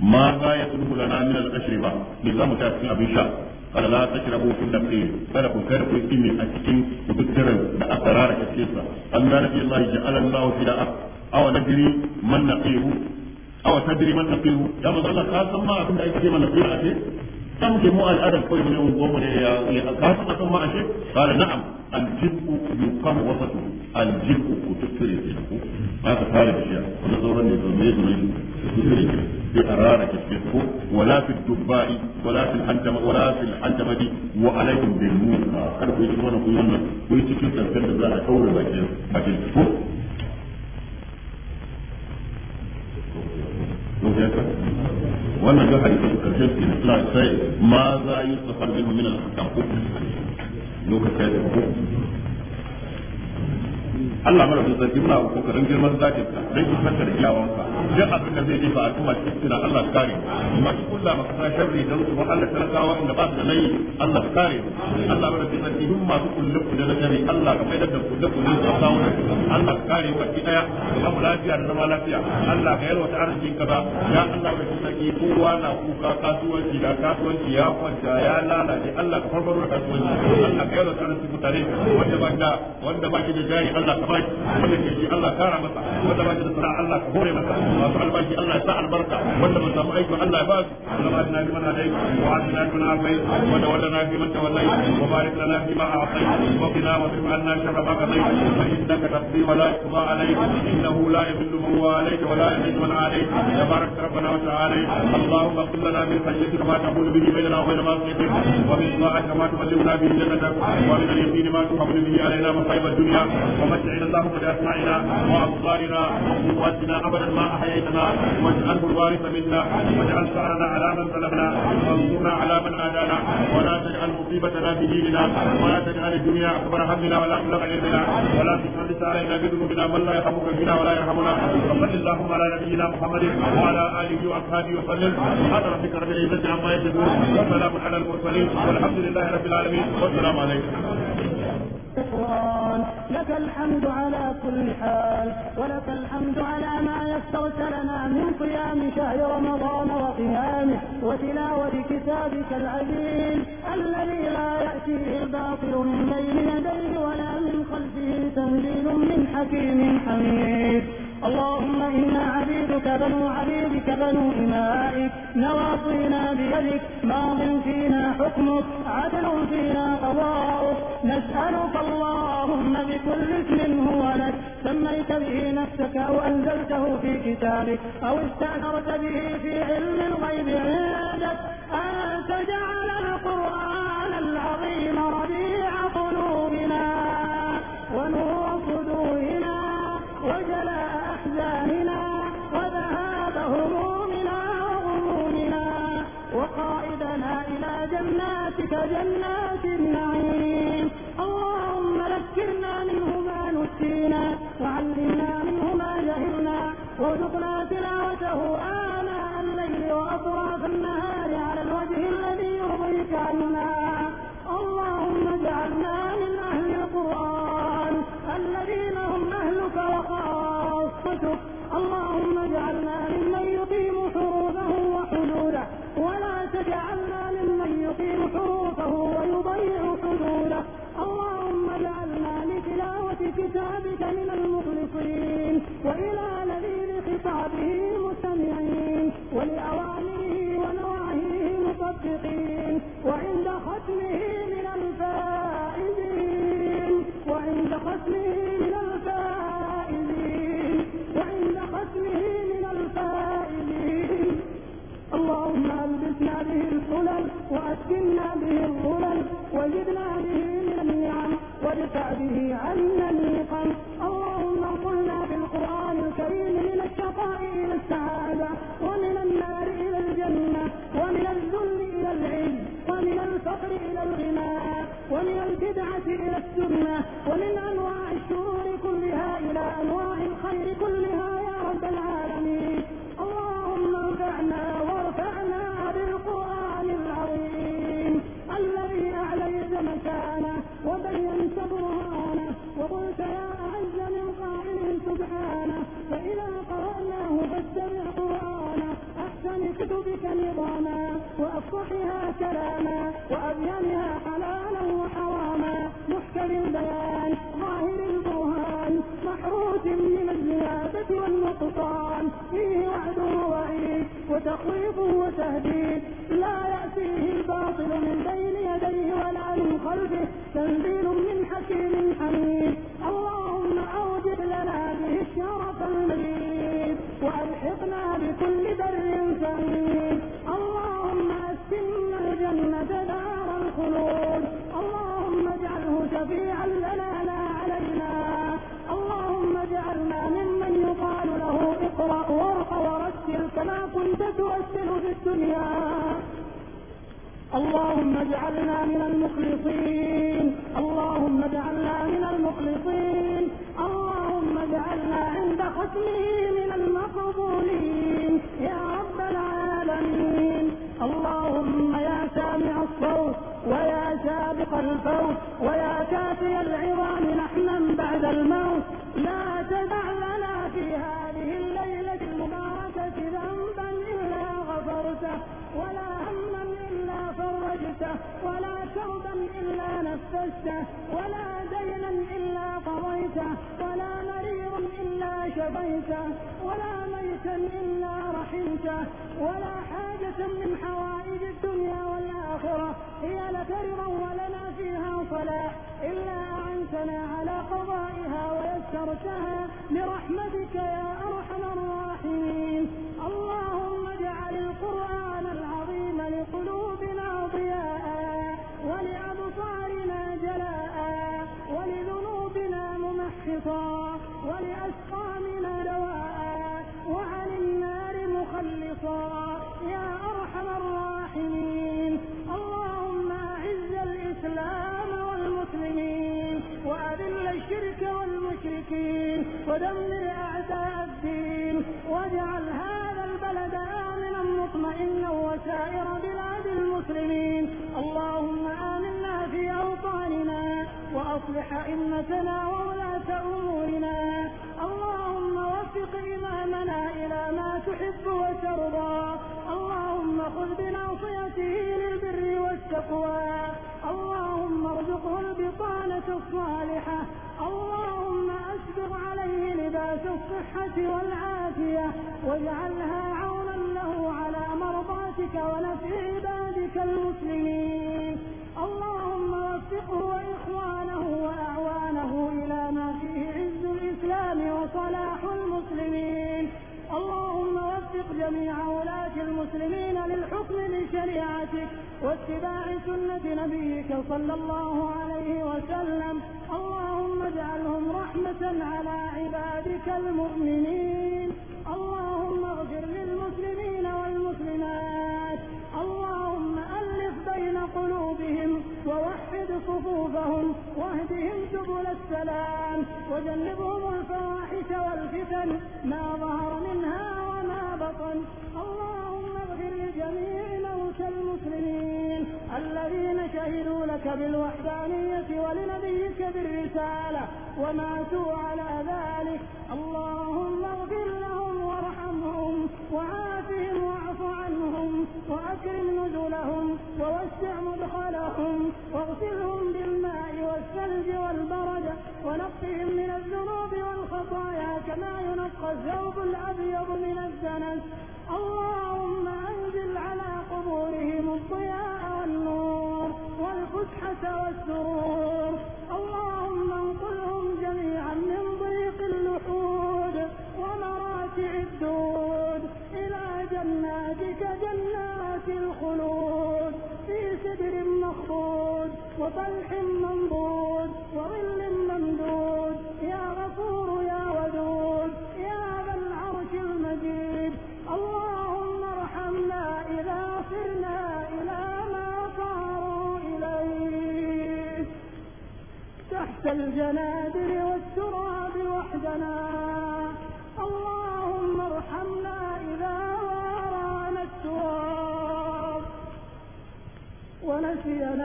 ma za ya kudu na min al ba. me za mu ta cikin abin sha kada la tashrabu fi nafsi kada ku kada ku kimi a cikin dukkan da aka rara kace sa an da nabi Allah ja'ala Allah fi da'a aw nadri man naqihu aw tadri man naqihu da manzo Allah ka san ma abin da ake mana man naqihu a ce san ke mu al'adar kawai ne mun gomu ne ya ya ka san san ma a ce kada na'am al-jibu yuqam wasatu al-jibu Ka ta fara da shi wannan sauran ne to me ne بقرار جسده ولا في الدباء ولا في الحنتم ولا في الحنتمة وعليكم بالموسى كان في سبحانه في يوم ويتكلم تنسل بذلك أول باكين باكين wannan ga hadisi karshen ke suna sai ma za yi tsafar minhu min al-hakam lokacin da Allah mara dutsen muna kokarin girman zakin fanta da duk abin da zai jefa al'umma cikin Allah ka kare masu masu sa sharri dan su Allah inda ba su da nayi Allah ka kare Allah mara masu kullu kullu da sharri Allah ka mai da kullu kullu da Allah ka kare ki daya mu lafiya da zama lafiya Allah ka yarwa ta arzikin ka ba ya Allah kowa na kuka kasuwanci da kasuwanci ya kwanta ya lalace Allah ka farfaro kasuwanci Allah ka yarwa ta arzikin mutane wanda ba da wanda ba ki da jari Allah ka baki wanda ke shi Allah kara masa wanda ba shi da sana'a Allah ka hore masa masu albashi Allah ya sa albarka wanda ba samu aiki Allah ya ba na wa wanda na fi wa barik lana fi ma wa wa fa wa la yuqda innahu la man wa la man ya barak rabbana wa ta'ala اللهم اغفر لنا من خشيتك ما تقول به بيننا وبين معصيتك ومن طاعتك ما تبلغنا به جنتك ومن اليقين ما به علينا مصائب الدنيا متعنا اللهم بأسماعنا وأبصارنا وقوتنا أبدا ما أحييتنا واجعله الوارث منا واجعل ثأرنا على من ظلمنا وانصرنا على من عادانا ولا تجعل مصيبتنا في ديننا ولا تجعل الدنيا أكبر همنا ولا مبلغ علمنا ولا تسلط علينا بذنوبنا من لا يرحمك فينا ولا يرحمنا صل اللهم على نبينا محمد وعلى آله وأصحابه وسلم سبحان ربك رب العزة عما يصفون وسلام على المرسلين والحمد لله رب العالمين والسلام عليكم الشكران لك الحمد على كل حال ولك الحمد على ما يسرت لنا من قيام شهر رمضان وقيامه وتلاوة كتابك العزيز الذي لا يأتيه الباطل من بين يديه ولا من خلفه تنزيل من حكيم حميد اللهم إنا عبيدك بنو عبيدك بنو إمائك نواصينا بيدك ماض فينا حكمك عدل فينا قضاؤك نسألك اللهم بكل اسم هو لك سميت به نفسك أو أنزلته في كتابك أو استأثرت به في علم الغيب عندك أن تجعل القرآن وجنات النعيم اللهم ذكرنا منه ما نسينا وعلمنا منه ما جهلنا وارزقنا تلاوته آناء الليل وأطراف النهار على الوجه الذي يرضيك عنا من المخلصين وإلى نذير خطابه مستمعين ولأوامره ونواهيه مطبقين وعند ختمه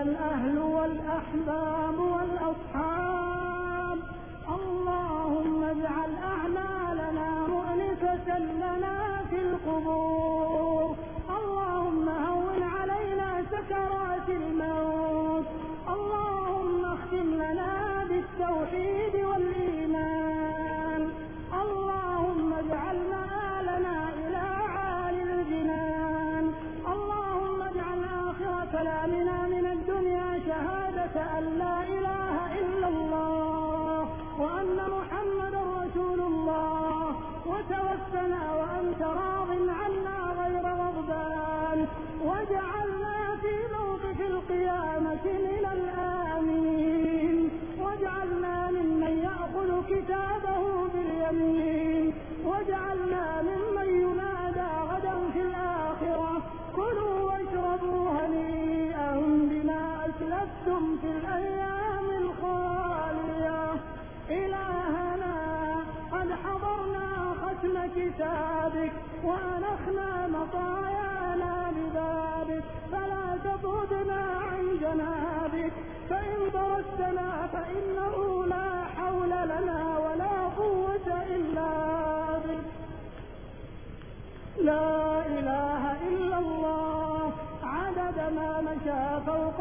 الأهل والأحباب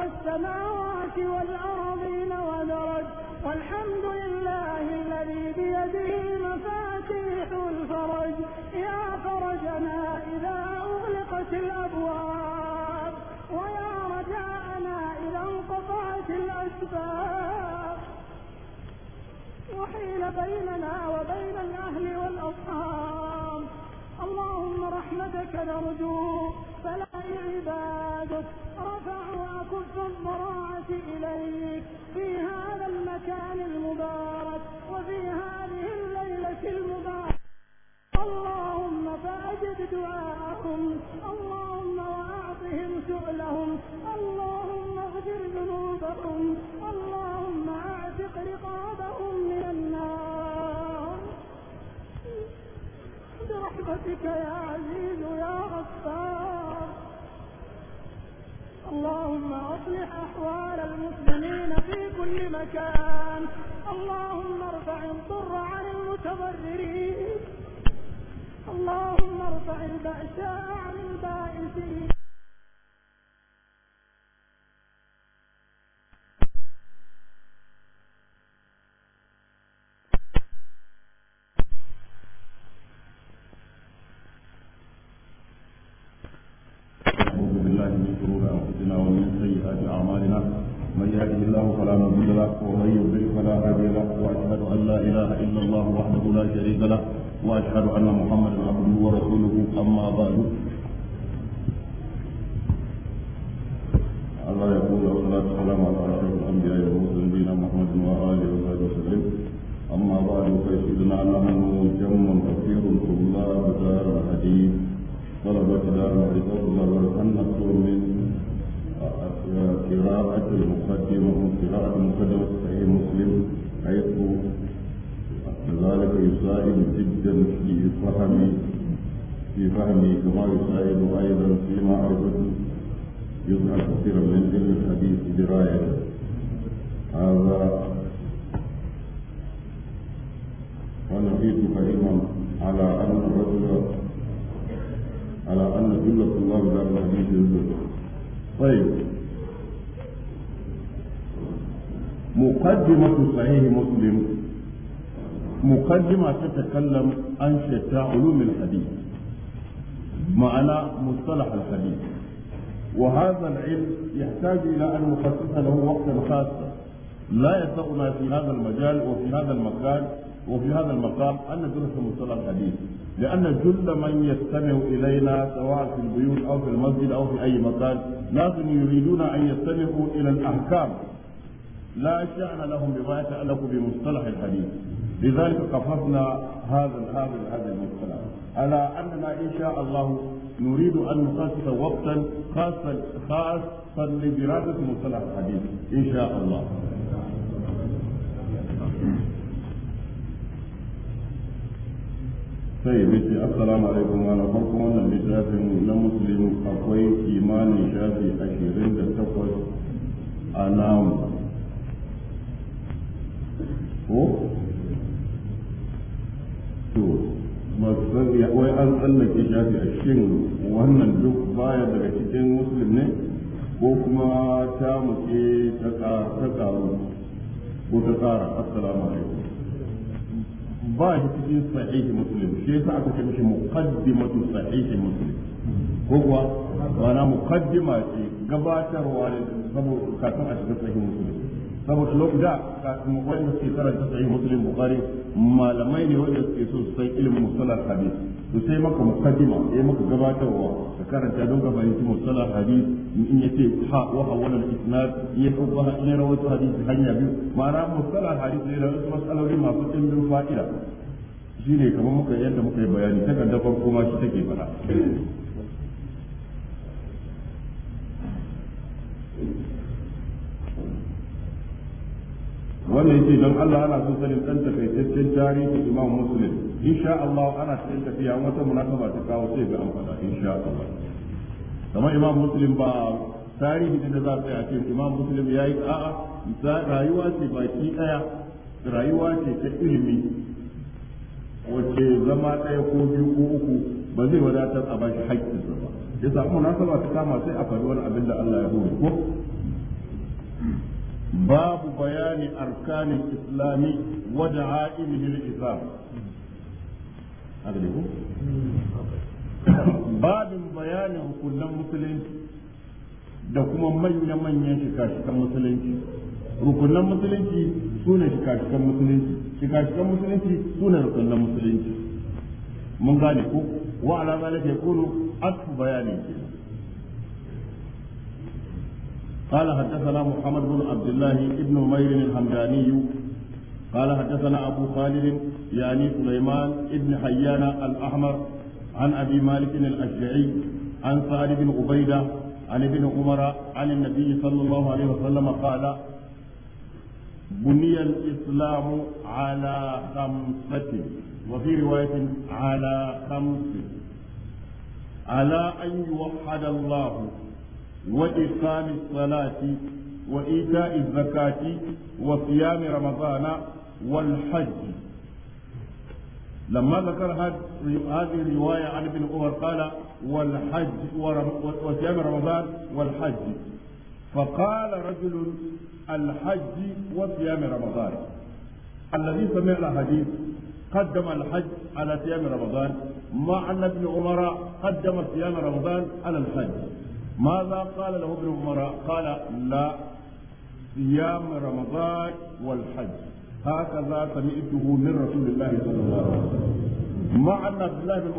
السماوات والأرضين ودرج والحمد لله الذي بيده مفاتيح الفرج يا فرجنا إذا أغلقت الأبواب ويا رجاءنا إذا انقطعت الأسباب وحيل بيننا وبين الأهل والأصحاب اللهم رحمتك نرجوك Oh, له فلا مضل له ومن يضلل فلا هادي له واشهد ان لا اله الا الله وحده لا شريك له واشهد ان محمدا عبده ورسوله اما بعد الله يقول والصلاه والسلام على اشرف الانبياء والمرسلين محمد واله وصحبه وسلم اما بعد فسيدنا نحن جم كثير طلاب دار الحديث طلبة دار الحديث طلاب ان نكون من قراءة المقدمة قراءة المقدمة في مسلم حيث ذلك يساعد جدا في فهم في فهم كما يساعد أيضا في معرفة جزءا كثيرا من علم الحديث دراية هذا ونفيت أيضا على أن الرجل على أن كل الله لا الحديث طيب مقدمة صحيح مسلم مقدمة تتكلم عن شتى علوم الحديث معنى مصطلح الحديث وهذا العلم يحتاج إلى أن نخصص له وقتا خاصا لا يسعنا في هذا المجال وفي هذا المكان وفي هذا المقام أن ندرس مصطلح الحديث لأن جل من يستمع إلينا سواء في البيوت أو في المسجد أو في أي مكان لازم يريدون أن يستمعوا إلى الأحكام لا شأن لهم بما يتعلق بمصطلح الحديث لذلك قفزنا هذا هذا هذا المصطلح على أننا إن شاء الله نريد أن نخصص وقتا خاصا خاصا لدراسة مصطلح الحديث إن شاء الله sai ya ce assalamu alaikum wani farkon wannan littafin na musulmi akwai kimanin shafi ashirin da takwas a namu ko to masu ya wai an tsallake shafi a shin wannan duk baya daga cikin musulun ne ko kuma ta muke ta karu ko ta tsara assalamu alaikum ba shi cikin sahihi muslim shi yasa aka ce mishi muqaddimatu sahihi muslim ko kuwa ba na muqaddima ce gabatarwa ne saboda kafin a shiga sahihi muslim saboda lokacin da kafin wanda suke karanta sahih muslim bukhari malamai ne wanda suke so su san ilimin musalla hadis to sai maka mukaddima sai maka gabatarwa ka karanta don ka fahimci musalla hadis in yace ha wa awwal al-isnad ya ha ya rawaito hadis hanya biyu ma'ana musalla hadis ne da wasu masaloli masu dimbin fa'ida shine kamar muka yadda muka yi bayani takarda farko ma shi take fara Thank you. wannan yake don Allah ana son sanin dan takaitaccen tarihi Imam Muslim insha Allah ana cikin tafiya wata munasaba ta kawo sai ga amfada insha Allah kamar Imam Muslim ba tarihi da za ta ce Imam Muslim yayi a'a rayuwa ce baki daya rayuwa ce ta ilimi wace zama ɗaya ko biyu ko uku ba zai wadatar a bashi haƙƙinsa ba yasa munasaba ta kama sai a faɗi wani abin da Allah ya hore ko باب بيان أركان الإسلام ودعائمه الإسلام هذا باب بيان كل مسلم da kuma manya-manyan shika-shikan musulunci rukunan musulunci su ne shika-shikan musulunci shika-shikan musulunci su ne rukunan musulunci mun gane ko wa ala zalika yakunu asfu bayani kenan قال حدثنا محمد بن عبد الله بن عمير الحمداني قال حدثنا أبو خالد يعني سليمان بن حيان الأحمر عن أبي مالك الأشجعي عن سعد بن عبيدة عن ابن عمر عن النبي صلى الله عليه وسلم قال بني الإسلام على خمسة وفي رواية على خمس على أن يوحد الله وإقام الصلاة وإيتاء الزكاة وصيام رمضان والحج لما ذكر هذه الرواية عن ابن عمر قال والحج وصيام رمضان والحج فقال رجل الحج وصيام رمضان الذي سمع الحديث قدم الحج على صيام رمضان مع أن ابن عمر قدم صيام رمضان على الحج ماذا قال له ابن عمر قال لا صيام رمضان والحج هكذا سمعته من رسول الله صلى الله عليه وسلم مع ان عبد الله بن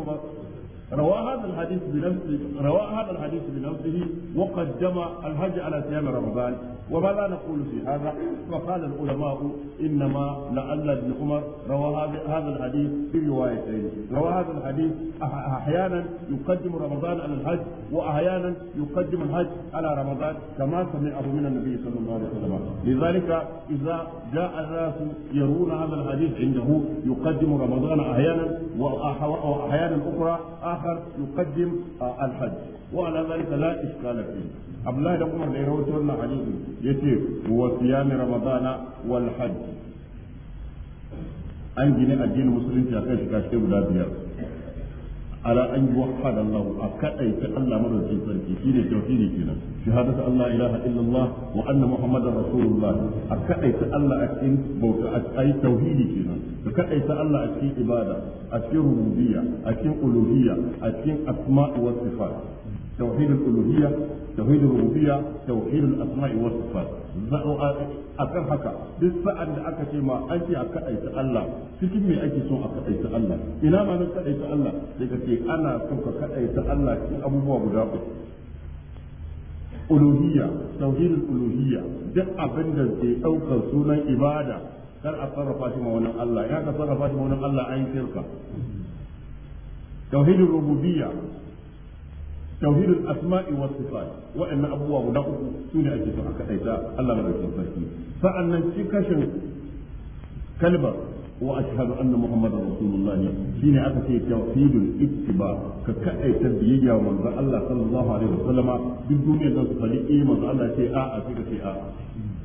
روى هذا الحديث بنفسه روى هذا الحديث بنفسه وقدم الحج على صيام رمضان وماذا نقول في هذا؟ فقال العلماء انما لعل ابن عمر روى هذا الحديث في روايتين، روى هذا الحديث احيانا يقدم رمضان على الحج واحيانا يقدم الحج على رمضان كما سمعه من النبي صلى الله عليه وسلم، لذلك اذا جاء الناس يرون هذا الحديث عنده يقدم رمضان احيانا واحيانا اخرى آخر يقدم آه، الحج وعلى ذلك لا إشكال فيه عبد الله بن عمر يروي لنا حديث يتي هو صيام رمضان والحج an gini addinin musulunci a kan shiga shi guda ala an yuwahhad Allah a kadaita Allah madaukakin sarki shine tauhidi kenan shahadatu Allah ilaha illallah wa anna muhammadar rasulullah a kadaita Allah a cikin bauta a tauhidi kenan ka kadaita Allah a cikin ibada a cikin rububiyya a cikin uluhiyya a cikin asma'i was sifat asma'i sifat a kan haka duk sa'an da aka ce ma an ce a kaɗaita Allah cikin me ake so a kaɗaita Allah ina ma na kaɗaita Allah sai ka ce ana so ka kaɗaita Allah cikin abubuwa guda uku uluhiyya tauhidul uluhiyya duk abin da ke ɗaukar sunan ibada kar a sarrafa shi ma wannan Allah ya ka sarrafa shi ma wannan Allah an shirka tauhidul rububiyya tauhidul asma'i was sifat wa'annan abubuwa guda uku sune ake son aka aita Allah na bakin sarki sa'annan shi kashin kalmar wa ashhadu anna muhammadar rasulullah shine aka ce tauhidul ittiba ka kaita biyayya wa manzo Allah sallallahu alaihi wasallama duk duniyar nan su fadi eh manzo Allah ce a a ce a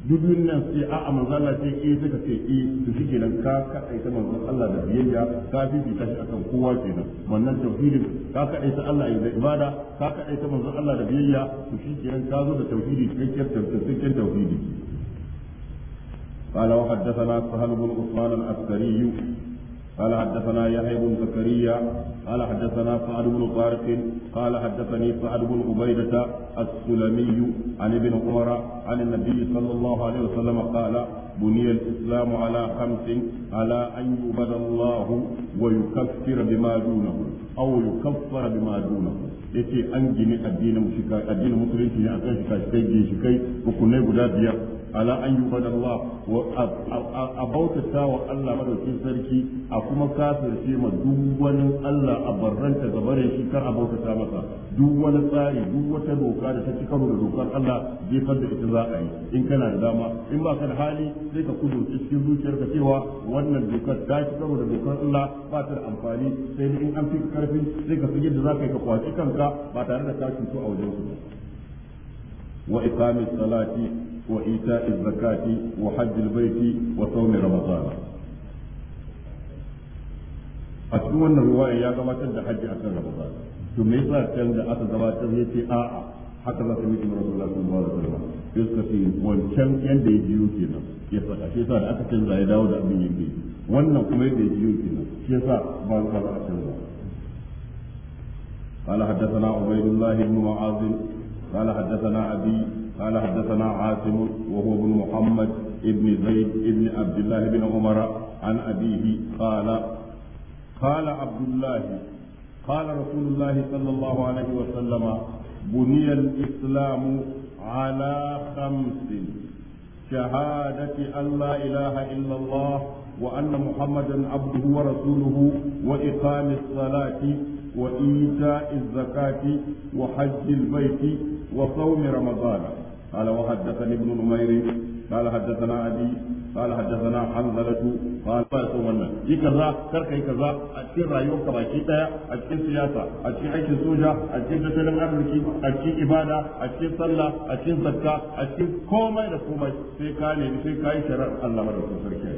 duk nan sai a a manzo Allah sai eh suka ce eh to shike nan ka kadaita manzo Allah da biyayya ka ta kashi akan kowa kenan wannan tauhidin ka kadaita Allah da ibada ka kadaita manzo Allah da biyayya su shike nan ka zo da tauhidi cikakken cikakken tauhidi قال وحدثنا سهل بن عثمان العسكري قال حدثنا يحيى بن زكريا قال حدثنا سعد بن طارق قال حدثني سعد بن عبيدة السلمي عن ابن عمر عن النبي صلى الله عليه وسلم قال بني الإسلام على خمس على أن يعبد الله ويكفر بما دونه أو يكفر بما دونه yace an gini addinin musulunci ne akan shi kai shi kai hukunai guda biyar ala an yubada Allah wa abautata wa Allah madaukin sarki a kuma kafirce ma duk wani Allah a barranta gaba bare shi kar bautata masa duk wani tsari duk wata doka da ta ci karo da dokar Allah jefar da ita za a yi in kana da dama in ba ka da hali sai ka kudu cikin zuciyar ka cewa wannan dokar ta ci karo da dokar Allah ba ta da amfani sai in an fi karfin sai ka fi yadda za ka yi ka kwaci kanka ba tare da ka cutu a wajen su wa iqamis salati وإيتاء الزكاة وحج البيت وصوم رمضان أتكون أن الرواية يا جماعة حج أكثر رمضان ثم يطلع كان أتى زواجه يتي آآ حتى لا تميت من رسول الله صلى الله عليه وسلم يسكتي وانشان كان دي جيوتنا يسكت شيء صار أتى كان زي داود أبن يبي وانا كمين دي جيوتنا شيء صار بانقر أكثر قال حدثنا عبيد الله بن معاذ قال حدثنا أبي قال حدثنا عاصم وهو بن محمد ابن زيد ابن عبد الله بن عمر عن أبيه قال قال عبد الله قال رسول الله صلى الله عليه وسلم بني الإسلام على خمس شهادة أن لا إله إلا الله وأن محمدا عبده ورسوله وإقام الصلاة وإيتاء الزكاة وحج البيت وصوم رمضان قال وحدثني ابن نمير قال حدثنا ابي قال حدثنا حنظلة قال لا يصومنا في كذا ترك كذا أتكين رأيوك باكي تايا أتكين سياسة أتكين عيش سوجة أتكين تسلم أرزكي أتكين إبادة أتكين صلى أتكين زكاة أتكين كوما يدفوما في كالي في كاي شرع الله مدفو سركي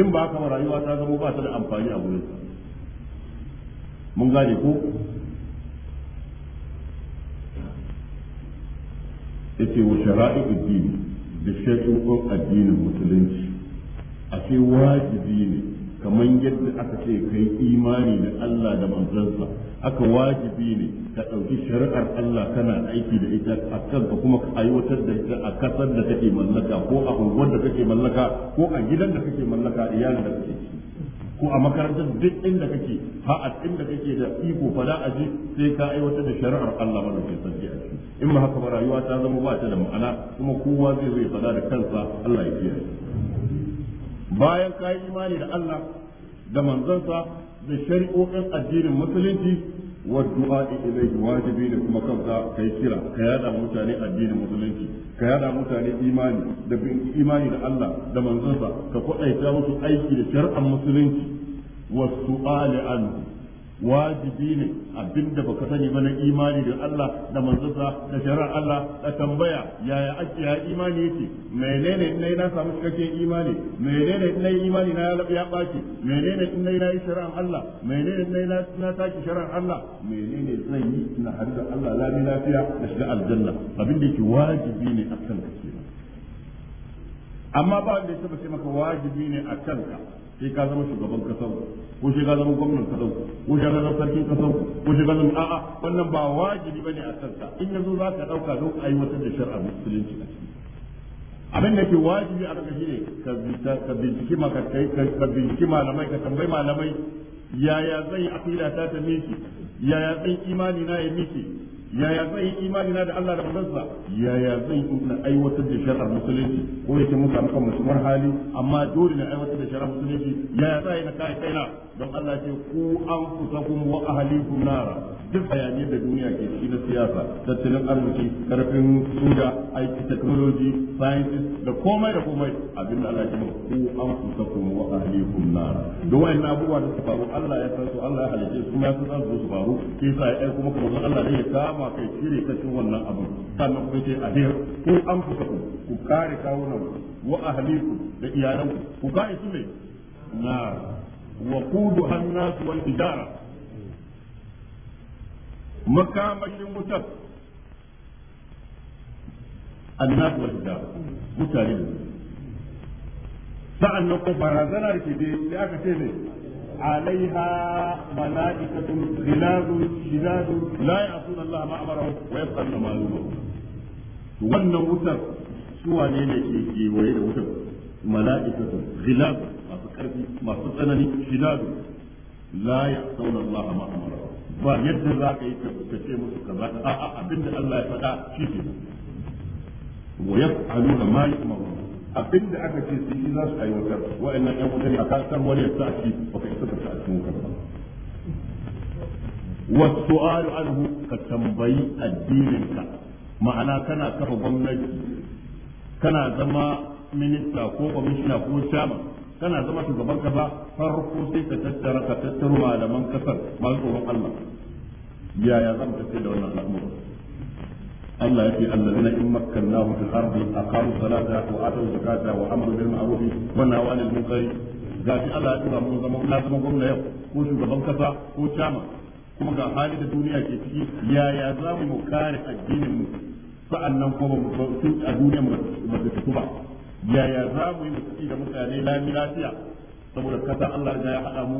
إن باكم رأيوها تاغمو باتل أمفاني أبو من gane ko yake wa shara'i'u din da sharuɗin addinin musulunci a ce wajibi ne kamar yadda aka ce kai imani da Allah da manzansa aka wajibi ne ka ɗauki shari'ar Allah kana aiki da ita a kanka kuma ka aiwatar da ita a kasar da kake mallaka ko a unguwar da kake mallaka ko a gidan da kake mallaka iyalin da kake ko a makarantar duk inda kake ha a inda kake da iko fa da aji sai ka aiwatar da shari'ar Allah mana ke sarki a in ba haka ba rayuwa ta zama ba ta da ma'ana kuma kowa zai zai faɗa da kansa Allah ya kiyaye bayan ka yi imani da Allah da manzansa da shari'o'in addinin musulunci wa du'a ilayhi wajibi ne kuma kanka kai kira ka yada mutane addinin musulunci ka yada mutane imani da imani da Allah da manzansa ka kwadaita musu aiki da shari'ar musulunci wa su'ali anhu wajibi ne abinda baka sani ba na imani da Allah da manzonsa da shari'ar Allah da tambaya yaya ake ya imani yake menene in nayi na samu cikakken imani menene in nayi imani na ya baki menene in nayi na yi shari'ar Allah menene in nayi na taki shari'ar Allah menene zan yi na haɗu da Allah lami lafiya da shiga aljanna abinda yake wajibi ne a kanka amma ba wanda ya taba ce maka wajibi ne a kanka sai ka zama shugaban kasar ko sai ka zama gwamnan kasar ko sai ka zama sarkin kasar ko sai ka zama a'a wannan ba wajibi bane a kanka in yanzu za ka dauka don wata da shar'a musulunci a ciki abin da ke wajibi a kanka shine ka binciki ma ka binciki malamai ka tambayi malamai yaya zai aqida ta ta miki yaya zan imani na ya miki yaya zan yi imani na da Allah da manzansa yaya zai yi na aiwatar da shari'ar musulunci ko yake mun samu musulmar hali amma dole na aiwatar da shari'ar musulunci yaya sai na kai kaina don Allah ce ku an fusakum wa ahlikum nara duk hayaniyar da duniya ke ciki na siyasa tattalin arziki karfin soja aiki technology science da komai da komai abinda Allah ya ku an fusakum wa ahlikum nara duk wannan abubuwa da su faru Allah ya san su Allah ya halice su ya san su su faru ke sa ya kuma kuma Allah ne ya kama kai shiri ta cikin wannan abin sannan kuma ce ahir ku an fusakum ku kare kawunan wa ahlikum da iyalanku ku kare su ne na وقودها الناس والإدارة مكامش متف الناس والإدارة متعلم sa'an nan ko barazana da ke عليها ملائكة غلاظ شداد لا يعصون الله ما أمره ويفعلون ما يؤمرون wannan wutar suwa ne ne ke kewaye da wutar mala'ikatu ghilazun karfi masu tsanani shidadu la ya'tuna Allah ma amara ba yadda za ka yi ka ce musu kaza a'a abinda Allah ya faɗa shi ke wa yaf'aluna ma yu'maruna abinda aka ce su yi za su aiwatar wa'annan yan mutane a kasar wani ya sa shi ba ka isa ka sa a cikin kan wa su'alu anhu ka tambayi addinin ka ma'ana kana kafa gwamnati kana zama minista ko kwamishina ko chairman kana zama shugaban kasa farko sai ka tattara ka tattaro malaman kasar masu tsoron Allah yaya za mu tafi da wannan al'amura Allah ya ce allazina in makkannahu fil ardi aqamu salata wa atu zakata wa amaru bil ma'ruf wa nahaw 'anil munkar gashi Allah ya tura mu zama na zama gwamna yau ko shugaban kasa ko chama kuma ga hali da duniya ke ciki yaya za mu kare addinin mu sa'annan kuma mu a duniyar mu ba yaya za mu yi mutunci da mutane lami lafiya saboda kasa Allah ya haɗa mu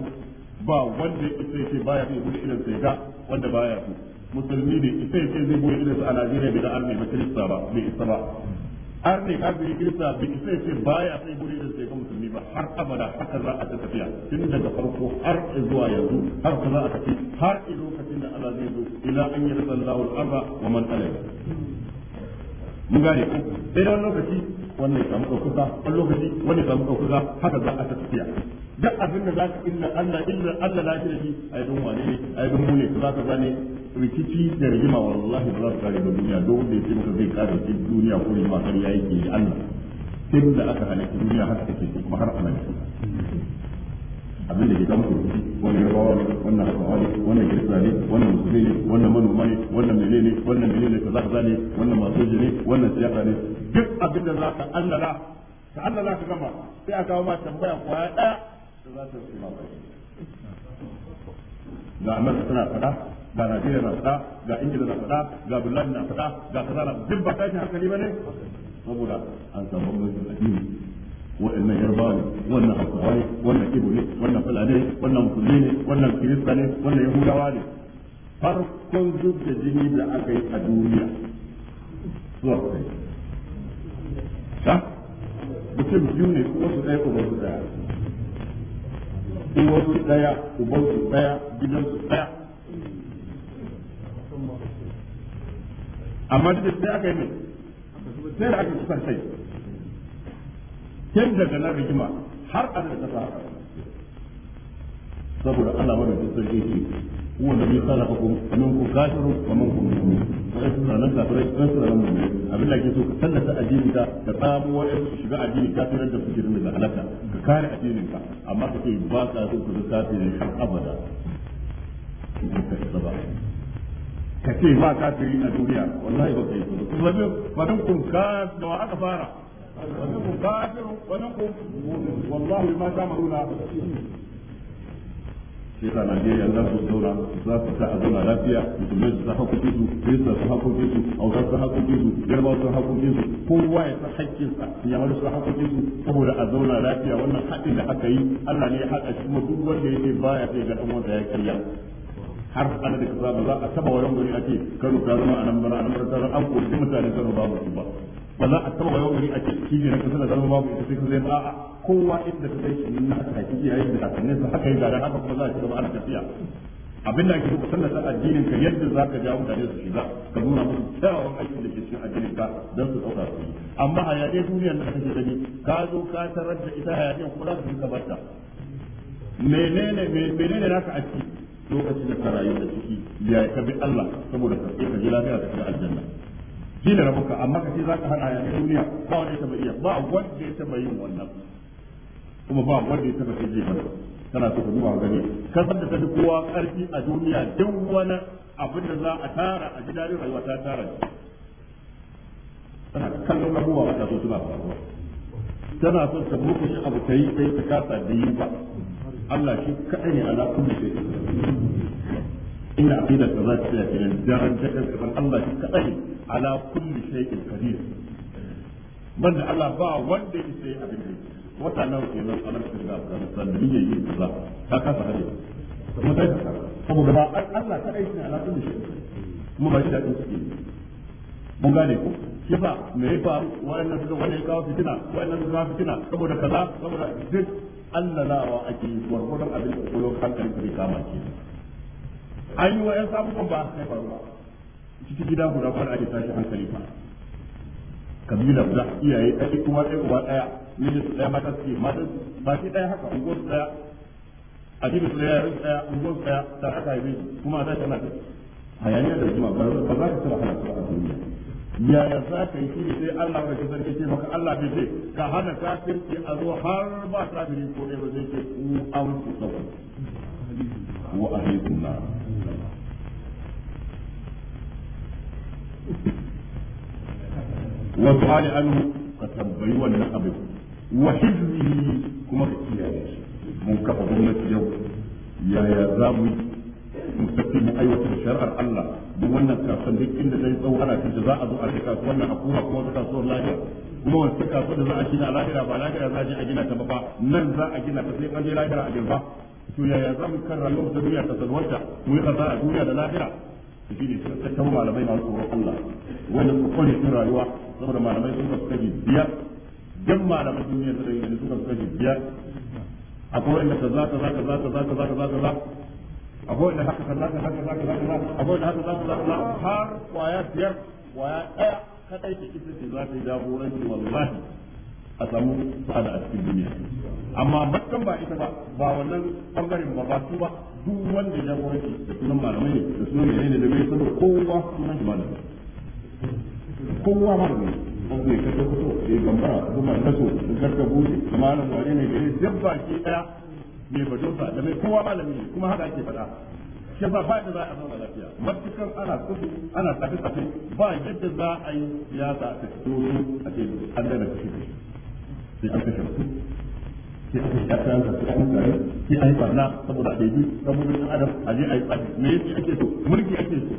ba wanda ya isa yake baya fi gudu irin sai ga wanda baya su. musulmi ne isa yake zai buɗe irin su a Najeriya bai da arme ba kirista ba bai isa ba arme kafiri kirista bai isa yake baya sai gudu irin sai ga musulmi ba har abada haka za a tafiya tun daga farko har zuwa yanzu har za a tafi har lokacin da Allah zai zo ila an yi rasallahu al-arba wa man ala'i. mun gane sai da wani lokaci wannan samu ɗaukaka wani lokaci wannan samu ɗaukaka haka za a ta tafiya duk abin da za ka illa Allah illa Allah la shi ai don wane ne ai don mu ne za ka gane rikici da rigima wallahi ba za su kare ba duniya don wanda ya ce zai kare shi duniya ko rigima kar yayi ke Allah sai da aka halitta duniya haka take kuma har ana abin da ke kan ku wannan rawa ne wannan rawa ne wannan kirista ne wannan musulmi ne wannan manoma ne wannan menene wannan menene kaza kaza ne wannan masoji ne wannan siyasa ne duk abin da zaka annala ka annala ka gama sai a kawo ma tambaya kwaya daya da za ta yi mamaki ga Amurka tana fada ga Najeriya na fada ga Ingila na fada ga Bulgaria na fada ga kaza na duk ba tashin hankali bane saboda an samu gwamnati addini waɗannan yarbawa ne wannan hausawa ne wannan ibo ne wannan fulani ne wannan musulmi ne wannan kirista ne wannan yahudawa ne farkon zub da jini da aka yi a duniya zuwa kai ta mutum biyu ne ko su ɗaya ko su ɗaya in wasu ɗaya uban su ɗaya gidan su ɗaya amma duk da aka yi ne sai da aka kusa sai tun daga na rigima har a da kasa saboda Allah ba da sarki yake huwa da bisa da hukum nan ku kafiru wa man ku mu'min sai su zanan kafirai sai su nan mu'min abin da yake so ka tallata addini ka ka samu wani su shiga addini kafiran da suke da halaka ka kare addinin ka amma ka ce ba ka so ku kafiri har abada ka ce ba kafiri a duniya wallahi ba kai so ba don kun ka da aka fara ومنكم كافر ومنكم مؤمن والله ما تعملون shekara Najeriya za su zauna za su sa a zauna lafiya musulmai su sa hakokin su kirista su hakokin su hausa su hakokin su yarbawa su hakokin su kowa ya sa hakkin sa ya wani su hakokin su saboda a zauna lafiya wannan haɗin da aka yi Allah ne ya haɗa shi kuma duk wanda yake baya sai ga kuma wanda ya kiyya har ana da kasa ba za a taba wurin gari ake Kano ta zama a nan bara a nan ta zama an koyi mutane Kano babu su ba ba za a taba wani a cikin shi ne na kusa da zama babu ita sai kusa ba a kowa inda ta sai shi na aka haifi iyayen da kakannin su haka yi gara haka kuma za a ci gaba ana tafiya abin da ake so kusan ta addinin ka yadda za ka jawo mutane su shiga ka nuna musu kyawun aikin da ke cikin addinin ka don su ɗauka su yi amma hayaƙe duniyar da kake gani ka zo ka tarar da ita hayaƙen kuma za ka fi barta menene menene naka a ciki lokacin da ka rayu da ciki ya ka bi Allah saboda ka sai ka ji lafiya ka shiga aljanna shi ne rabuka amma ka ce za ka hana yanzu duniya ba wanda ya taba iya ba wanda ya taba yin wannan kuma ba wanda ya taba yin wannan tana so ka duba gani san da ta fi kowa karfi a duniya duk wani abin da za a tara a ji daɗin rayuwa ta tara shi tana kallon abubuwa ba ta so suna faruwa tana son ta muku shi abu ta yi sai ta kasa da yi ba Allah shi kaɗai ne ala kulli shay'in inna aqida ka za ta tsaya kenan jaran jakan kamar Allah shi kadai ala kulli da Allah ba wanda ya sai abin da wata Allah shi da da yake kuma ba Allah kadai shi ala kulli kuma ba shi da mun gane shi ba me ya wani ya kawo fitina wa'annan suka kawo fitina saboda kaza saboda duk Allah ake abin da kullum hankali kama an yi wa'yan sabon ba sai faru ba cikin gida guda kwana ake tashi hankali ba kabila guda iyaye ɗaya kuma ɗaya uba ɗaya mijin su ɗaya mata su mata ba shi ɗaya haka unguwar su ɗaya a cikin su ɗaya rin ɗaya unguwar su ɗaya ta aka yi kuma a tashi ana hayaniya da jima ba za ka tsara hana su a duniya yaya za ka yi shi sai Allah ka kisar ke maka Allah bai ce ka hana ka kafirci a zuwa har ba kafiri ko ɗaya ba zai ce ku an ku tsawon wa ahlikum nar wa su'ali anhu ka tambayi wannan abin wa hizbihi kuma ka kiyaye shi mun kafa gwamnati yau yaya za mu yi mutakin aiwatar shari'ar Allah duk wannan kasuwan duk inda zai tsawo ana cikin za a zo a ci kasuwan nan a kuma kuma ta kasuwar lafiya kuma wata kasuwar da za a gina lafiya ba lafiya za a je gina ta ba nan za a gina ta sai an je a girba to yaya za mu kan rayuwar ta duniya ta mu yi a duniya da lafiya shi ne cikakken malamai masu tsoron Allah wani su kware sun rayuwa saboda malamai sun kasu kashi biyar jan malamai duniyar da yanzu suka kasu kashi biyar akwai wanda kaza kaza kaza kaza kaza kaza kaza akwai wanda haka kaza kaza kaza kaza kaza akwai wanda haka kaza kaza har kwaya biyar kwaya ɗaya kaɗai ke kisa ce za ta yi jagoranci wallahi a samu sa'ada a cikin duniya amma bakkan ba ita ba ba wannan bangaren ba ba su ba duk wanda ya gwaji da sunan malamai ne da sunan yanayi ne da mai sanar kowa sunan shi malami kowa malami an zai kasar kuto da eh, ya gambara zuma naso da karka buɗe da malam wane ne gare eh, dabba ke ɗaya mai bajonsa da mai kowa malami ne kuma haka ake faɗa shi ba ba da za a zama lafiya matukan ana kudu ana tafi tafi ba yadda za a yi siyasa ta fito a ce an daina kashe sai aka ka sai aka shiga ta yanzu sai aka kare sai ai barna saboda ake bi saboda ɗan adam a je ai tsaki me yake ake so mulki ake so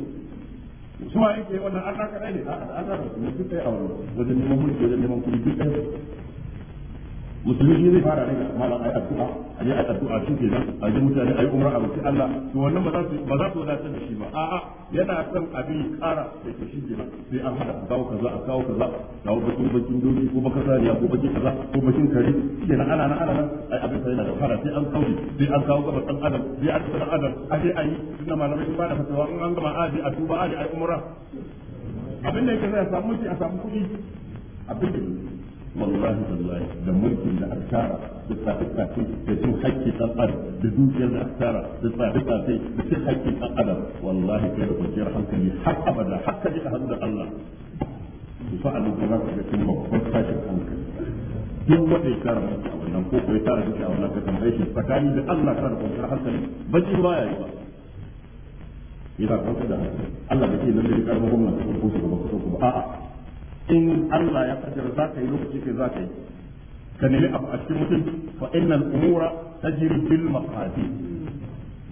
su ma yake wannan an aka ne a aka ne duk sai a wajen neman mulki wajen neman kuɗi duk ɗaya musulmi shi zai fara daga malam ayi addu'a a je addu'a shi ke nan a je mutane ayi umra a roki Allah to wannan ba za su ba za su da shi ba a'a yana son abin kara da ke shi ke nan sai an hada kawo kaza a kawo kaza kawo bakin bakin doki ko baka saniya ko bakin kaza ko bakin kari. shi ke nan ana na. ana nan ai abin sai yana da fara sai an kawo sai an kawo gaban ɗan adam sai an kawo adam a je ayi tunda malamai sun bada da in an gama aji a tuba aji ayi umra abin da yake zai samu shi a samu kuɗi abin da Walahi wallahi da mulkin da asara da tsafi-tsafi da cin a hannun Allah su a wannan ko ko ya tara duka a in Allah ya kaddara za ka yi lokaci ke za ka yi ka nemi abu a cikin mutum fa innal umura tajri bil maqadir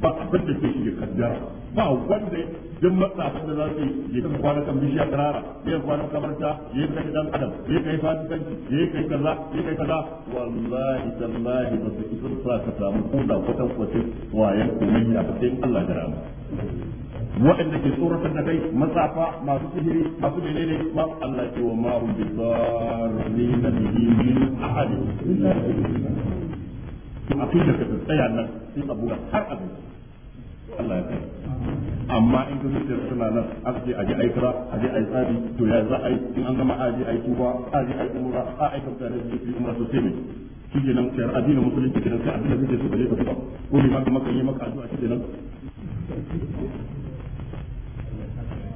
ba abin da ke shi kaddara ba wanda duk matsafin da za su yi kan kwana kan bishiya karara ya kwana kamarta ya kai adam ya kai fasikanci ya kai kaza ya kai kaza wallahi tallahi ba su isa sa ka samu koda kwatan kwatin wayan komai a cikin Allah da rama waɗanda ke tsoratar da kai matsafa masu sihiri masu menene ba Allah ke wa bi hum bizarrin bihi min ahad to akwai da ka tsaya nan sai abu har abu Allah ya kai amma in ka zuciya suna nan aka ce aje ai kira aje ai tsari to ya za a yi in an gama aje ai tuba aje ai umra a ai kamta da su umra to sai shi ke nan shari'a addinin musulunci ke sai abin zai so ka ka tuba ko ma ka maka yi maka addu'a shi ke nan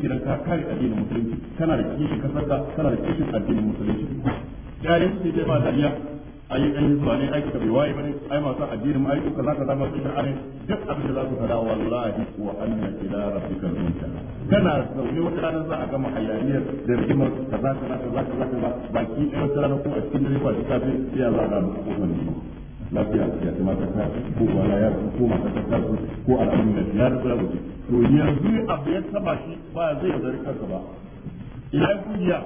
kiran ka kare addinin musulunci kana da kishin kasar ka kana da kishin addinin musulunci jari su ce ba dariya ayi an zuwa ne aiki bai waye bane ai masu addinin mu aiki kaza kaza masu shir'a ne duk abin da za ku fada wallahi wa anna ila rabbika runta kana wani wata ranar za a gama hayaniyar da rigimar kaza kaza kaza kaza baki ɗaya wata ko a cikin dare ko a cikin kafin ya za a gano ko wani lafiya ya ta mata ta ko wala ya ko mata ta ta ko al'amari da ya ta wuce to yanzu abu ya saba shi ba zai zari kansa ba ila kujiya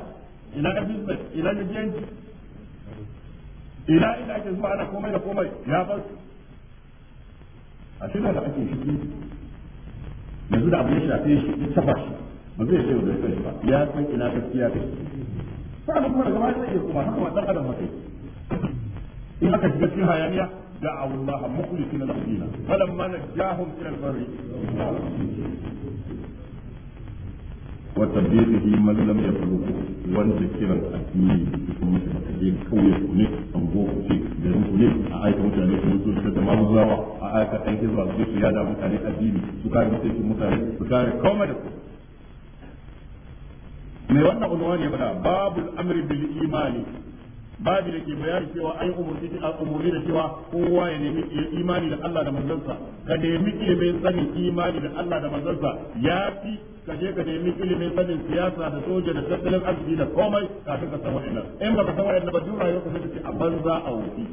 ila business ila jiyanci ila ina ake zuwa ana komai da komai ya bar a cikin da ake shi yanzu da abu ya shafe shi ya saba shi ba zai ce zari kansa ba ya san ina gaskiya ba sai kuma da gaba sai ya kuma haka wannan dan adam mutai in aka shiga cikin hayaniya da Allah mukhlisina lahu din falamma najahum ila al-barri wa tabdihi man lam yaqulu wa dhikra al-asmi bi kulli tadin kawya kunit ambo fi dan kunit ayatu ko to ta tamam zawa a aka ta yi zawa duk ya da mutane addini su kare sai su mutane su kare komai da mai wannan unwani ya bada babul amri bil imani babu da ke bayani cewa an umurci a umurni da cewa kowa ya nemi imani da Allah da manzansa ka nemi ilimin sanin imani da Allah da manzansa ya fi ka je ka nemi ilimin sanin siyasa da soja da tattalin arziki da komai kafin ka san wa'annan in ba ka san wa'annan ba duk rayuwar ka sai a banza a wuce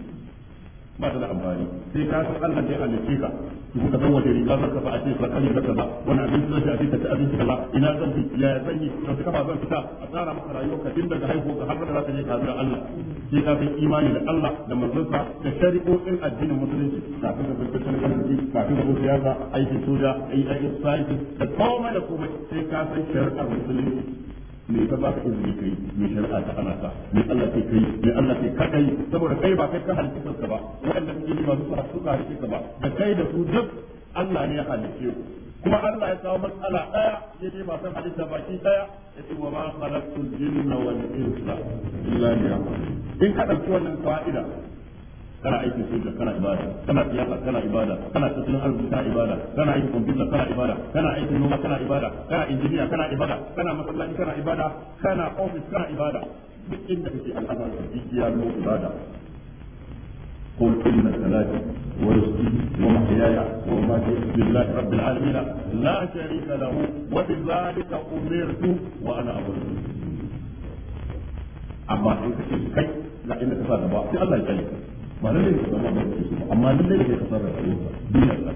ba ta da amfani sai ka san Allah ya halicce ka ki ka san wace riga zaka fa a ce ka kani zaka wani abin da shi a ce abin da ina zan bi ya zan yi da kafa zan fita a tsara maka rayuwar ka tun daga haihuwa ka har da zaka je ka bi Allah sai ka san imani da Allah da manzonsa da shari'o'in addinin musulunci kafin ka fita kan arziki kafin ka fita aikin soja ai ai sai da komai da komai sai ka san shari'ar musulunci me ta baka izini kai me shari'a ta ana ta me Allah ke kai me Allah ke ka kai saboda kai ba kai ka halitta kanka ba wanda kake ji ba su ka halitta ba da kai da su duk Allah ne ya halitta ku kuma Allah ya kawo matsala daya ya ce ba san halitta baki daya ya ce wa ma khalaqtul jinna wal insa illa liya'budun in ka dauki wannan fa'ida kana aikin soja kana ibada kana siyasa kana ibada kana tattalin arziki kana ibada kana aikin kwamfuta kana ibada kana aikin noma kana ibada kana injiniya kana ibada kana masallaci kana ibada kana ofis kana ibada duk inda kake al'amarin jijiya mu ibada قل إن صلاتي ورسلي ومحياي ومماتي لله رب العالمين لا شريك له وبذلك أمرت وأنا أول أما إن كنت kai na inda ka sa gaba sai Allah ya kai ba lalle ne ba ba amma lalle ne ka sarrafa rayuwa duniya da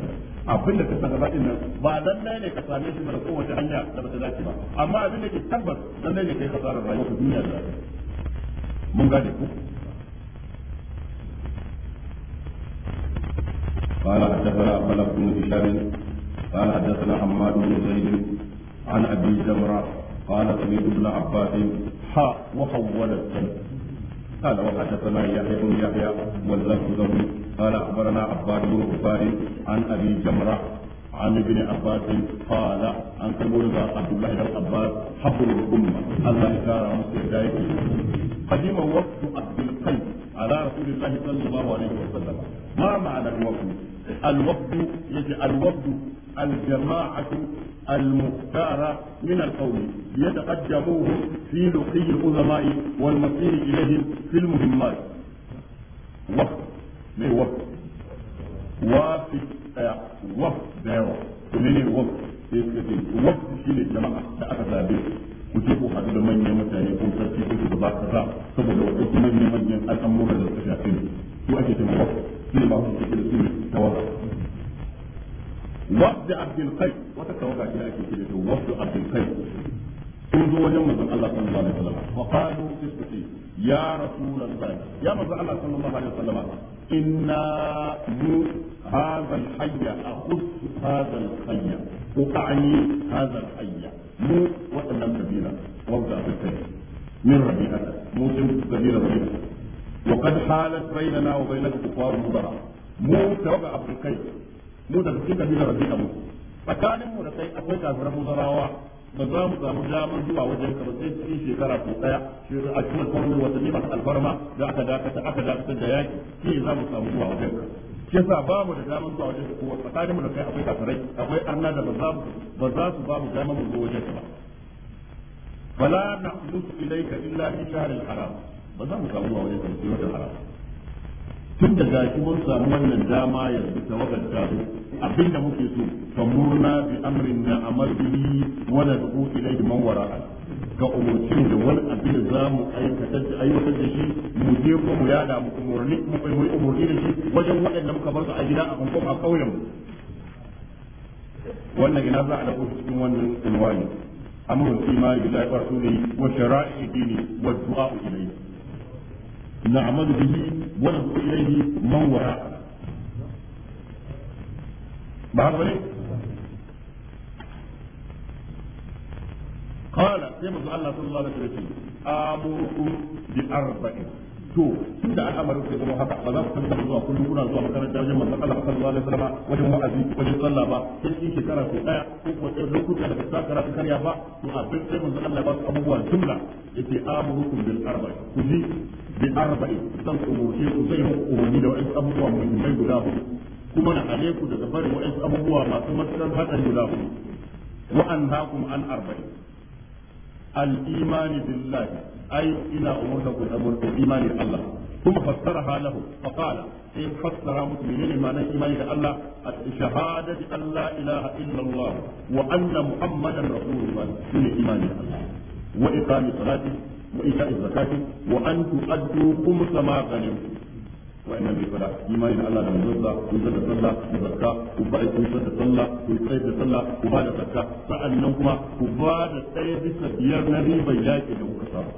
abin da ka gaba din nan ba lalle ne ka same shi da kowace hanya da ba ta dace ba amma abin da ke tabbas lalle ne kai ka sarrafa duniya da mun gane ku قال حدثنا ملك بن هشام قال حدثنا حماد بن زيد عن ابي زمره قال سمعت ابن عباس حاء وحول السند قال وحدثنا يحيى بن يحيى واللفظ له قال اخبرنا عباد بن عباد عن ابي جمره عن ابن عباس قال عن تقول عبد الله بن عباس حفظ الامه الله تعالى مسلم قديم وقت عبد القلب على رسول الله صلى الله عليه وسلم ما معنى الوفد الوفد يجي الوفد الجماعة المختارة من القوم يتقدموه في لقي العلماء والمسير إليهم في المهمات وفد من وفد آه، وفد وفد وفد وفد وفد الجماعة وفد وفد ku je ku haɗu da manyan mutane ko sarki ko shugaba kaza saboda wa ɗauki manyan manyan al'amura da suka shafi ne su ake cewa wa su ne ba su cikin su ne tawaga wafda abdul kai wata tawaga ce ake kira da wafda abdul kai sun zo wajen manzon Allah sallallahu alaihi wasallam wa qalu tisbati ya rasulullah ya manzon Allah sallallahu alaihi wasallam inna mu hadha al-hayya akhudh hadha al-hayya وقعني هذا الحي mu waɗannan kabila wanda a tattali min rabi'ata mu sun kabila rabi'ata wa qad halat bainana wa bainaka kufar mubara mu tawaga abdukai mu da cikin kabila rabi'a mu tsakanin mu da kai akwai kafiran muzarawa ba za mu samu damar zuwa wajen ka ba sai cikin shekara ko daya shi a cikin kwanan watanni masu alfarma da aka dakata aka dakatar da yaki shi za mu samu zuwa wajen ka shi yasa babu da damar zuwa wajen kowa tsakanin mu da kai akwai kafirai akwai arna da ba za su babu damar mu zo wajen ba bala na musu ilaika illa fi shahril haram ba za mu samu wajen da ke wajen haram tun da gashi mun samu wannan dama ya yanzu ta wajen gado abinda muke so fa murna bi amrin na amal bihi wa nad'u ilayhi man wara'a ga umurci da wani abin da za mu aikatar da ayyukan da shi mu je ko mu yada mu umarni mu kai mu umurni da shi wajen waɗanda muka bar su a gida a kankan a kauyen wannan ina za a da cikin wannan ulwani amma inwani amru al-imani billahi wa rasulihi wa shara'i dini wa du'a ilayhi na'malu bihi wa nad'u ilayhi man wara ba ba ne qala sai manzo Allah sallallahu alaihi wasallam amurukum bi arba'in to al'amarin sai zama haka ba za ku tabbata zuwa kullum kuna zuwa makaranta wajen manzo Allah wajen wa'azi wajen sallah ba sai kin shekara ko daya ko ko sai lokuta da ba karatu karya ba to abin sai manzo Allah ba su jumla yace amurukum bil zan kuma na aleku daga barin wa'azi abubuwa masu matsalar haɗari guda hudu wa'an an arba'in الإيمان بالله أي إلى أمورك أمور الإيمان بالله ثم فسرها له فقال إن فسر مسلمين ما إيمان الله شهادة أن لا إله إلا الله وأن محمدا رسول الله من إيمان الله وإقام الصلاة وإيتاء الزكاة وأن تؤدوا خمس ما غنمتم wa'annan bai fada imanin Allah da manzon sa kun zanta sallah da zakka ku bai kun zanta sallah ku tsaya da sallah ku ba da kuma ku ba da tsaya bisa biyar na riba ya da kuka samu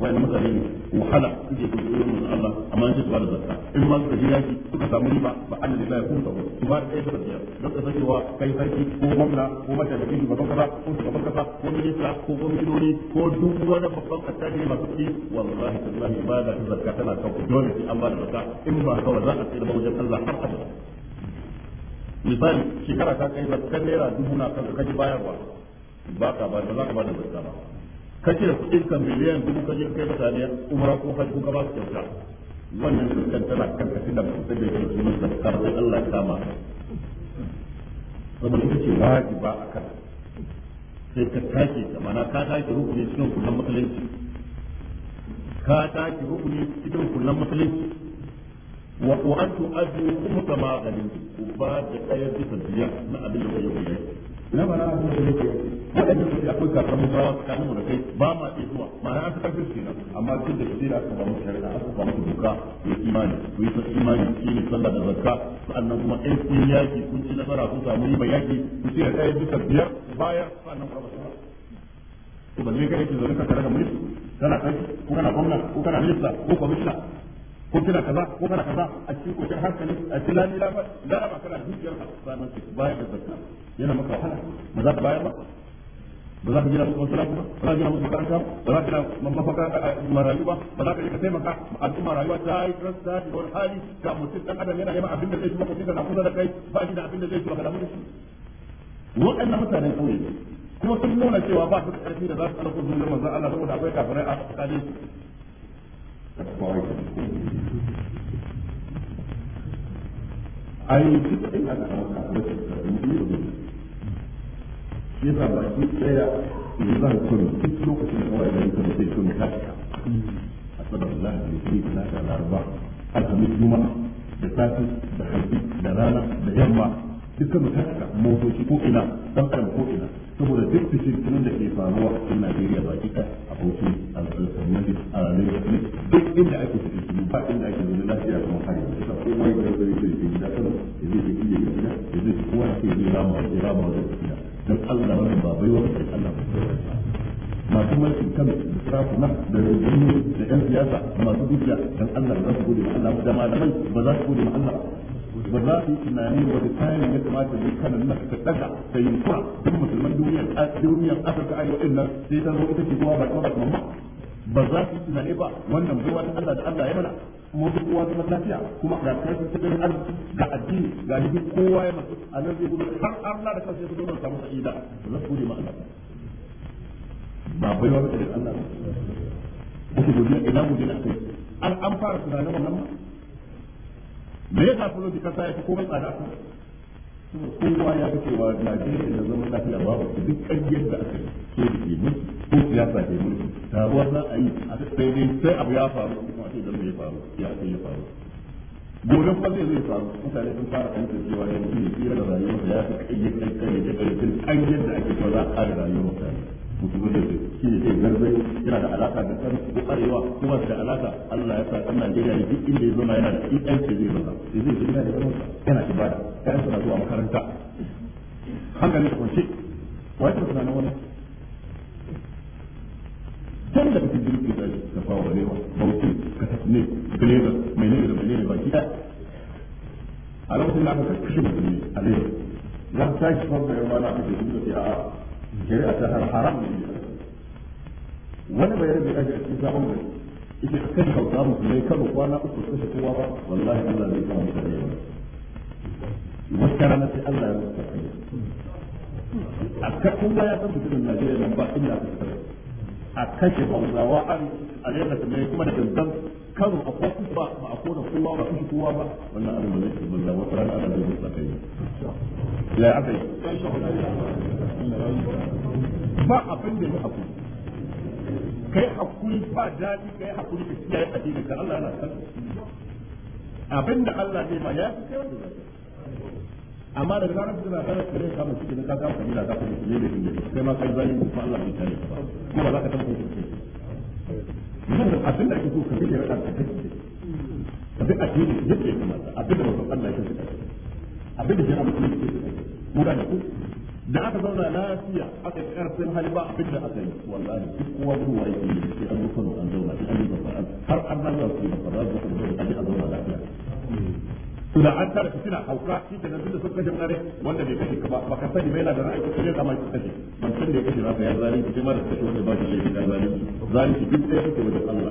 wa inna mutane ne wahala suke so su yi Allah amma an su ba da zarta in ma suka je yaki suka samu riba ba an da ya kuma sabo su ba da ɗaya suka tsaya don ka sakewa wa kai sarki ko gwamna ko mataimakin shugaban kasa ko shugaban kasa ko minista ko gwamnati ko duk wani babban attaji masu kuɗi wallahi tallahi ba da zarta tana kan dole sai an ba da zarta in ba ka ba za a tsira wajen Allah har abada misali shekara ta kai zakkan naira dubu na kan kaji bayarwa ba ka ba da za ka ba da zakka ba ka kudin kuɗin biliyan dubu kaje je kai mutane umara ko haji ko ka ba su kyauta wannan dukkan tana ta da su da ke sunan da karfin Allah kama saboda ita ce wajiba a kan sai ka tashi ta mana ka tashi rukuni cikin kullum musulunci ka tashi rukuni cikin kullum musulunci wa qur'an tu'addu kuma kama ganin ku ba da ɗaya bisa biyar na abin da kuke yi na ba a kuma da yake waɗanda suke akwai kakar musawa tsakanin mu da kai ba ma iya zuwa ma'ana an fi karfin kenan amma duk da shi da aka ba mu shari'a aka ba mu duka ya imani ku yi imani shi ne sallah da zakka sannan kuma in kun yaki kun ci nasara kun samu yi mai yaki ku ci da ɗaya duka biyar baya sannan ku raba sallah to balle kai ki zo ka tare da mulki kana kai ko kana gwamna ko kana minista ko kwamishina ko kina kaza ko kana kaza a cikin kokin hankali a cikin lani lafa da ba kana zuciyar ka sanan sai baya da zakka yana maka wahala ba za ka bayar ba ba za ka gina musu masalaci ba ba za ka gina musu makaranta ba za ka gina mafaka marayu ba ba za ka je ka taimaka al'umma rayuwa ta yi rasta da wani hali ga mutum dan adam yana neman abin da zai shi makwabci ka na kusa da kai ba shi da abin da zai shi ka damu da shi waɗannan mutanen ƙauye kuma sun nuna cewa ba su da ƙarfi da za su ɗauko zuwa manzon Allah saboda akwai kafirai a tsakanin ai duk ɗin ana ɗauka a wajen karbi biyu da shi ba ba shi tsaya ne ba ku duk lokacin da kawai da yake zai ku ta a sabon Allah da yake na da laraba alhamis juma'a da safi da hanzi da rana da yamma dukkan mu ta motoci ko ina dan ko ina saboda duk fitintunan da ke faruwa a cikin Najeriya ba kika a Bauchi a Sannan a Lagos ne duk inda ake fitintunu ba inda ake zaune lafiya kamar hari da ta kowa da zai zai zai da Kano ya zai zai iya gida da zai kowa ya zai zai rama da rama wajen gida dan Allah wannan ba bai baiwa ba Allah ba masu mulkin kan safu na da rubutu da yan siyasa masu dukiya dan Allah ba za su gode ma Allah ba da malaman ba za su gode ma Allah ba za su yi tunani ba da kayan ya kamata da kanan nan ta daga da yin kura duk musulman duniya duniyar duniyar afirka arewa din nan sai ta zo ita ce kuma ba ta ba kuma ba za su yi tunani ba wannan zuwa ta Allah da Allah ya mana mu duk kowa ta lafiya kuma ga kai ta ganin arziki ga addini ga duk kowa ya masu a nan zai gudu har Allah da kansa ya gudu samu sa'ida ba za su gode ma Allah ba baiwa ba da Allah ba. Kuka godiya ina godiya akai. An an fara tunanin wannan ba. me yasa fuloti kasa ya fi komai tsada kowa ya fi cewa Najeriya da zama lafiya babu duk ƙaryar da aka so da ke mulki ko siyasa ke mulki ruwa za a yi a sai dai sai abu ya faru kuma a ce zama ya faru ya ce ya faru gobe kuma zai zai faru mutane sun fara fahimtar cewa yanzu ne tsira da rayuwarsa ya fi ƙaryar ƙaryar da ake cewa za a ƙara rayuwar mutane musulmi da shi ne zai garzai yana da alaka da kan ko arewa ko ba da alaka Allah ya sa kan Najeriya ne duk inda ya zo yana da in aiki zai zama sai zai zama da zama yana ibada kayan suna zuwa makaranta hankali kwance wata tunanin wani tun da kake jirgin da ka fawo arewa bautin ka tafi ne bileza mai ne da mai ne ba ki a lokacin da aka kashe musulmi a zai za ta shi fara da yawa na kashe duk da a shari'a ta haram ne wani bai rabe aji a cikin sabon gari ita ka kashe hausa musulmai kano kwana uku kashe kowa ba wallahi Allah zai kama mutane ba wata rana sai Allah ya a kakun baya san fitinan Najeriya nan ba inda aka fita a kashe an a daina kuma da gangan kano a kwaku ba ba a kona kowa ba kashe kowa ba wannan abin ba zai banza wata rana a zai zai kai la aka yi ba abin da ya haku kai hakuri ba daɗi kai hakuri ka kiyaye addini ka Allah na san abin da Allah zai ba ya fi kai wanda zai amma da zarar da na kare kare ka mutu da ka ka da ka kuma ne da kai ma kai zalimi ko Allah bai tare ka ba kuma za ka tabbata nan abin da ake so ka rike rada ka take abin a yadda yake kamata abin da mutum Allah ya saka abin da jira mutum yake mu da ku da aka zauna lafiya aka karfin hali ba abin da aka yi wallahi duk kowa ruwa yake sai an rufa an zauna sai an yi babban har an zauna su yi babban za su zauna a zauna lafiya suna an tara shi suna hauka shi ke nan tunda sun kashe wanda bai kashe ka ba baka sani bai na da ra'ayi ko zai zama shi kashe ban san da ya kashe zaka ya zalunci sai ma kashe wanda ba shi laifi da zalunci zalunci duk sai yake wajen Allah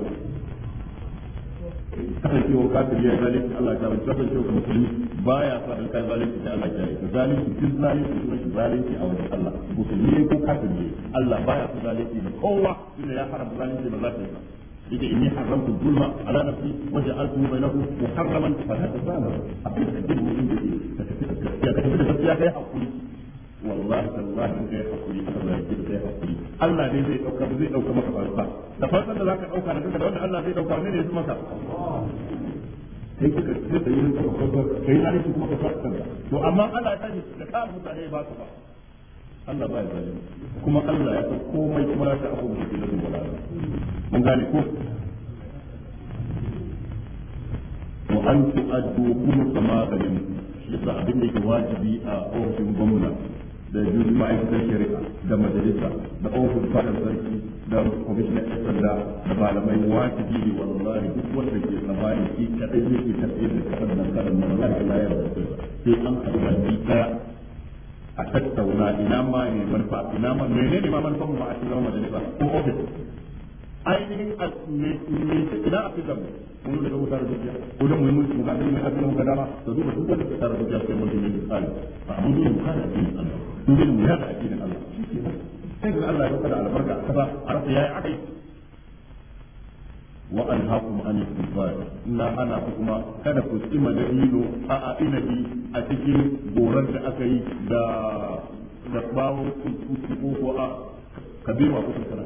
kasancewar kafiri ya zalunci Allah ta bai kasancewar ka musulmi baya sa da kai zalunci da Allah ta yi zalunci duk zalunci kuma shi zalunci a wajen Allah musulmi ko kafiri Allah baya sa zalunci da kowa tunda ya haramta zalunci da zaka yi yake inni haramtu zulma ala nafsi wa ja'altu bainahu muharraman fa la da duk ya da gaskiya kai hakuri wallahi tallahi kai hakuri Allah ya kai hakuri Allah zai dauka zai dauka maka da da zaka dauka da wanda Allah zai dauka ne ne sai da yin kai ne kuma ka farka to amma Allah ya tashi da ka mutane ba ka ba Allah ba ya zalimi kuma Allah ya san komai kuma ya san abubuwan da ke wala mun gane ko mu an tu'addu kullu kama shi yasa abin da yake wajibi a ofishin gwamna da jirgin ma'aikatar shari'a da majalisa da ofis fadar sarki da kwamishinan yan sanda da malamai wajibi ne wallahi duk wanda ke tsammani shi kadai yake tafiyar da kasar nan kadan wallahi la yarda sai an haɗu da ɗaya a tattauna ina ma ne manufa ina ma ne ne ma manufan ma a cikin majalisa ko office ainihin idan a fitar ne da wutar dukiya ko da mun mutu ga dukkan a cikin dama to duba duk wanda fitar dukiya sai mun yi tsari ba mun da wutar da dinin Allah mun da wutar da dinin Allah sai ga Allah ya kada albarka a kaza a rafa yayi akai wa alhaqum an istighfar illa ana kuma kada ku tsima da dino a a inabi a cikin goran da aka yi da da bawo ku ko a kabira ku tsara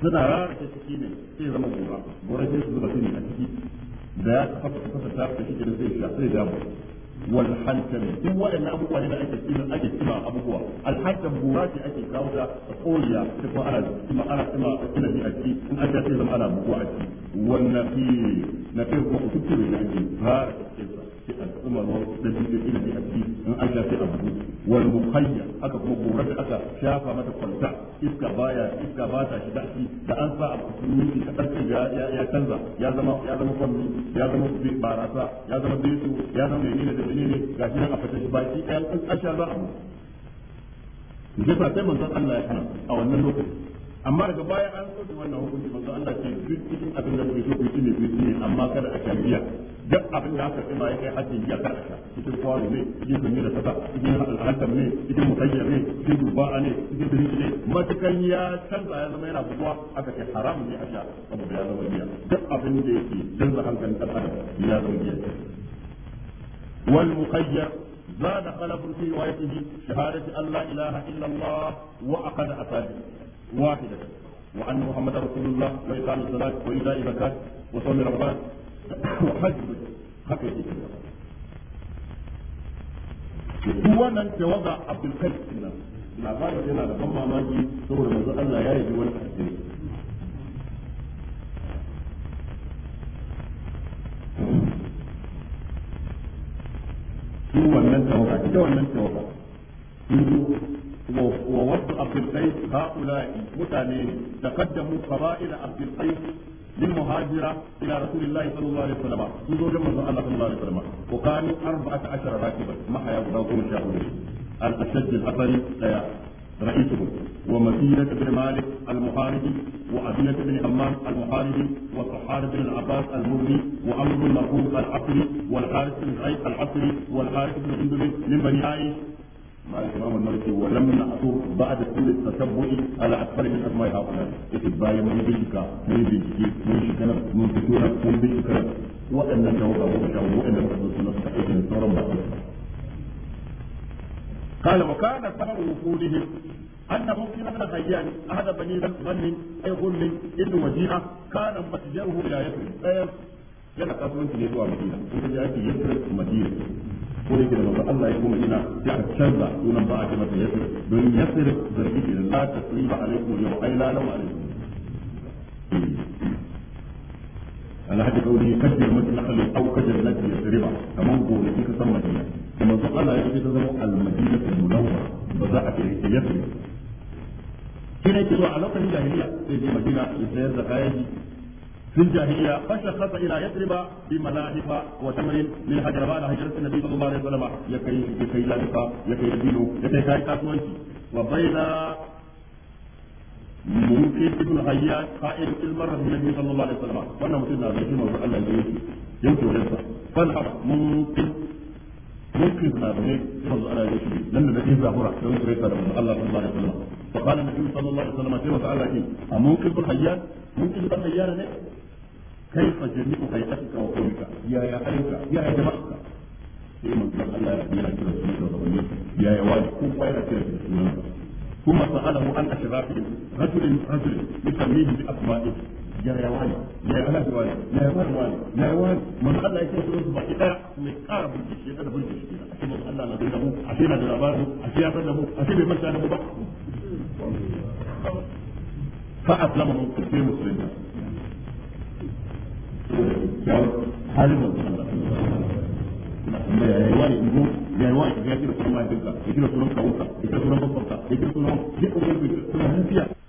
suna rara ta ciki ne sai zama gora gora sai su zuba ne a ciki da ya kafa kafa ta ciki da zai sha sai da mu والحنتم duk waɗannan abubuwa ne da ake aka ake tsima abubuwa alhantam buwa ake kawo da koriya ta kuma ana tsima ana tsima ina ji a ciki in an ta sai zama ana buwa a ciki wannan na fi kuma kusurce ake ba sai al'umma ma wasu da cikin ina in an sha sai abu wal muhayya aka kuma gorar da aka shafa mata kwanta iska baya iska ba ta shiga ciki da a an a sai manzon Allah ya a wannan lokaci amma daga baya an soke wannan hukunci manzon Allah duk cikin abin da kuke so ku yi ne amma kada a shafiya duk abin da aka tsima ya kai hajji ya karkata cikin kwari ne cikin sunni da sata cikin halattar ne cikin mutayyar ne cikin duba'a ne cikin duri ne matukan ya canza ya zama yana buguwa aka ce haram ne a sha saboda ya zama giya duk abin da yake canza hankalin ɗan adam ya zama giya wal muqayyar زاد خلف في روايته شهادة أن لا إله إلا الله وأخذ أساده واحدة وأن محمد رسول الله وإقام الصلاة وإيتاء الزكاة وصوم رمضان haka yake duk wannan tawaga abdul karim nan labarin yana da ban mamaki saboda manzo Allah ya yi wani hadisi duk wannan tawaga ita wannan tawaga ووضع عبد القيس هؤلاء متانين تقدموا قبائل عبد القيس للمهاجرة إلى رسول الله صلى الله عليه وسلم يزوج من الله صلى الله عليه وسلم وكانوا أربعة عشر راكبا ما حياة داوود شاهدين الأشد الأثري رئيسهم ومسيرة بن مالك المحاربي وعدية بن حمام المحاربي والصحاري بن العباس المغني وعمرو بن مرقوب العصري والحارث بن زيد العصري والحارث بن جندب من بني عائش مع الامام الملكي ولم نعثر بعد كل التشبع على اكثر من اسماء هؤلاء يتبايا من بيتك من بيتك من بيتك من بيتك من بيتك وان الجواب ابو بكر وان الرسول صلى الله عليه وسلم قال وكان سبب وصولهم أن ممكن بن الحيان أحد بني غنم أي غنم إن وجيعة كان متجره إلى يسر يلا قبل أن تجدوا مدينة. أنت جاءت يسر مدينة. ko da yake da wasu Allah ya kuma ina ya canza sunan ba a kima da yasir don yasir zargi ke la ta su yi ba a laifin yau ai lalan ba a laifin alhaji kauri kashi da mutum na kalli auka jannati ya tsiri ba kamar gobe kika san madina kuma su Allah ya kuma zama almadina ta nuna ba ba za a kira ke yasir kina yake zuwa a lokacin jahiliya sai dai madina ya sayar da kayan في الجاهلية فشخص إلى يثرب بملاحف وتمر من حجر بعد هجرة النبي صلى الله عليه وسلم يكي يكي لافقا يكي يدينه يكي كاي كاسوانتي وبين ممكن ابن حيات قائد المرة من النبي صلى الله عليه وسلم وانا مسلنا بيجي موضوع الله يجي يمكن ويسا فالحق ممكن ممكن هذا يفرض على يده لم نجيب له راح لو يريد الله صلى الله عليه وسلم فقال النبي صلى الله عليه وسلم كيف تعالى إيه؟ اممكن بالحيات ممكن ابن بالحيات كيف جميع هيئتك وقومك يا يا أيها يا يا جماعتك sai manzon Allah ya kira kira su da rabbani ya yi wani ko kuma yana kira kira sunan kuma sa'alahu an ashrafi rajulin rajulin yusammihi bi asma'i ya ya wani ya ya alaji wani ya ya wani wani ya ya wani manzon Allah ya kira sunan su baki daya mai kara burge shi da burge shi kuma Allah na da mu a sai na da ya mu a sai bai manta da mu ba halin da ya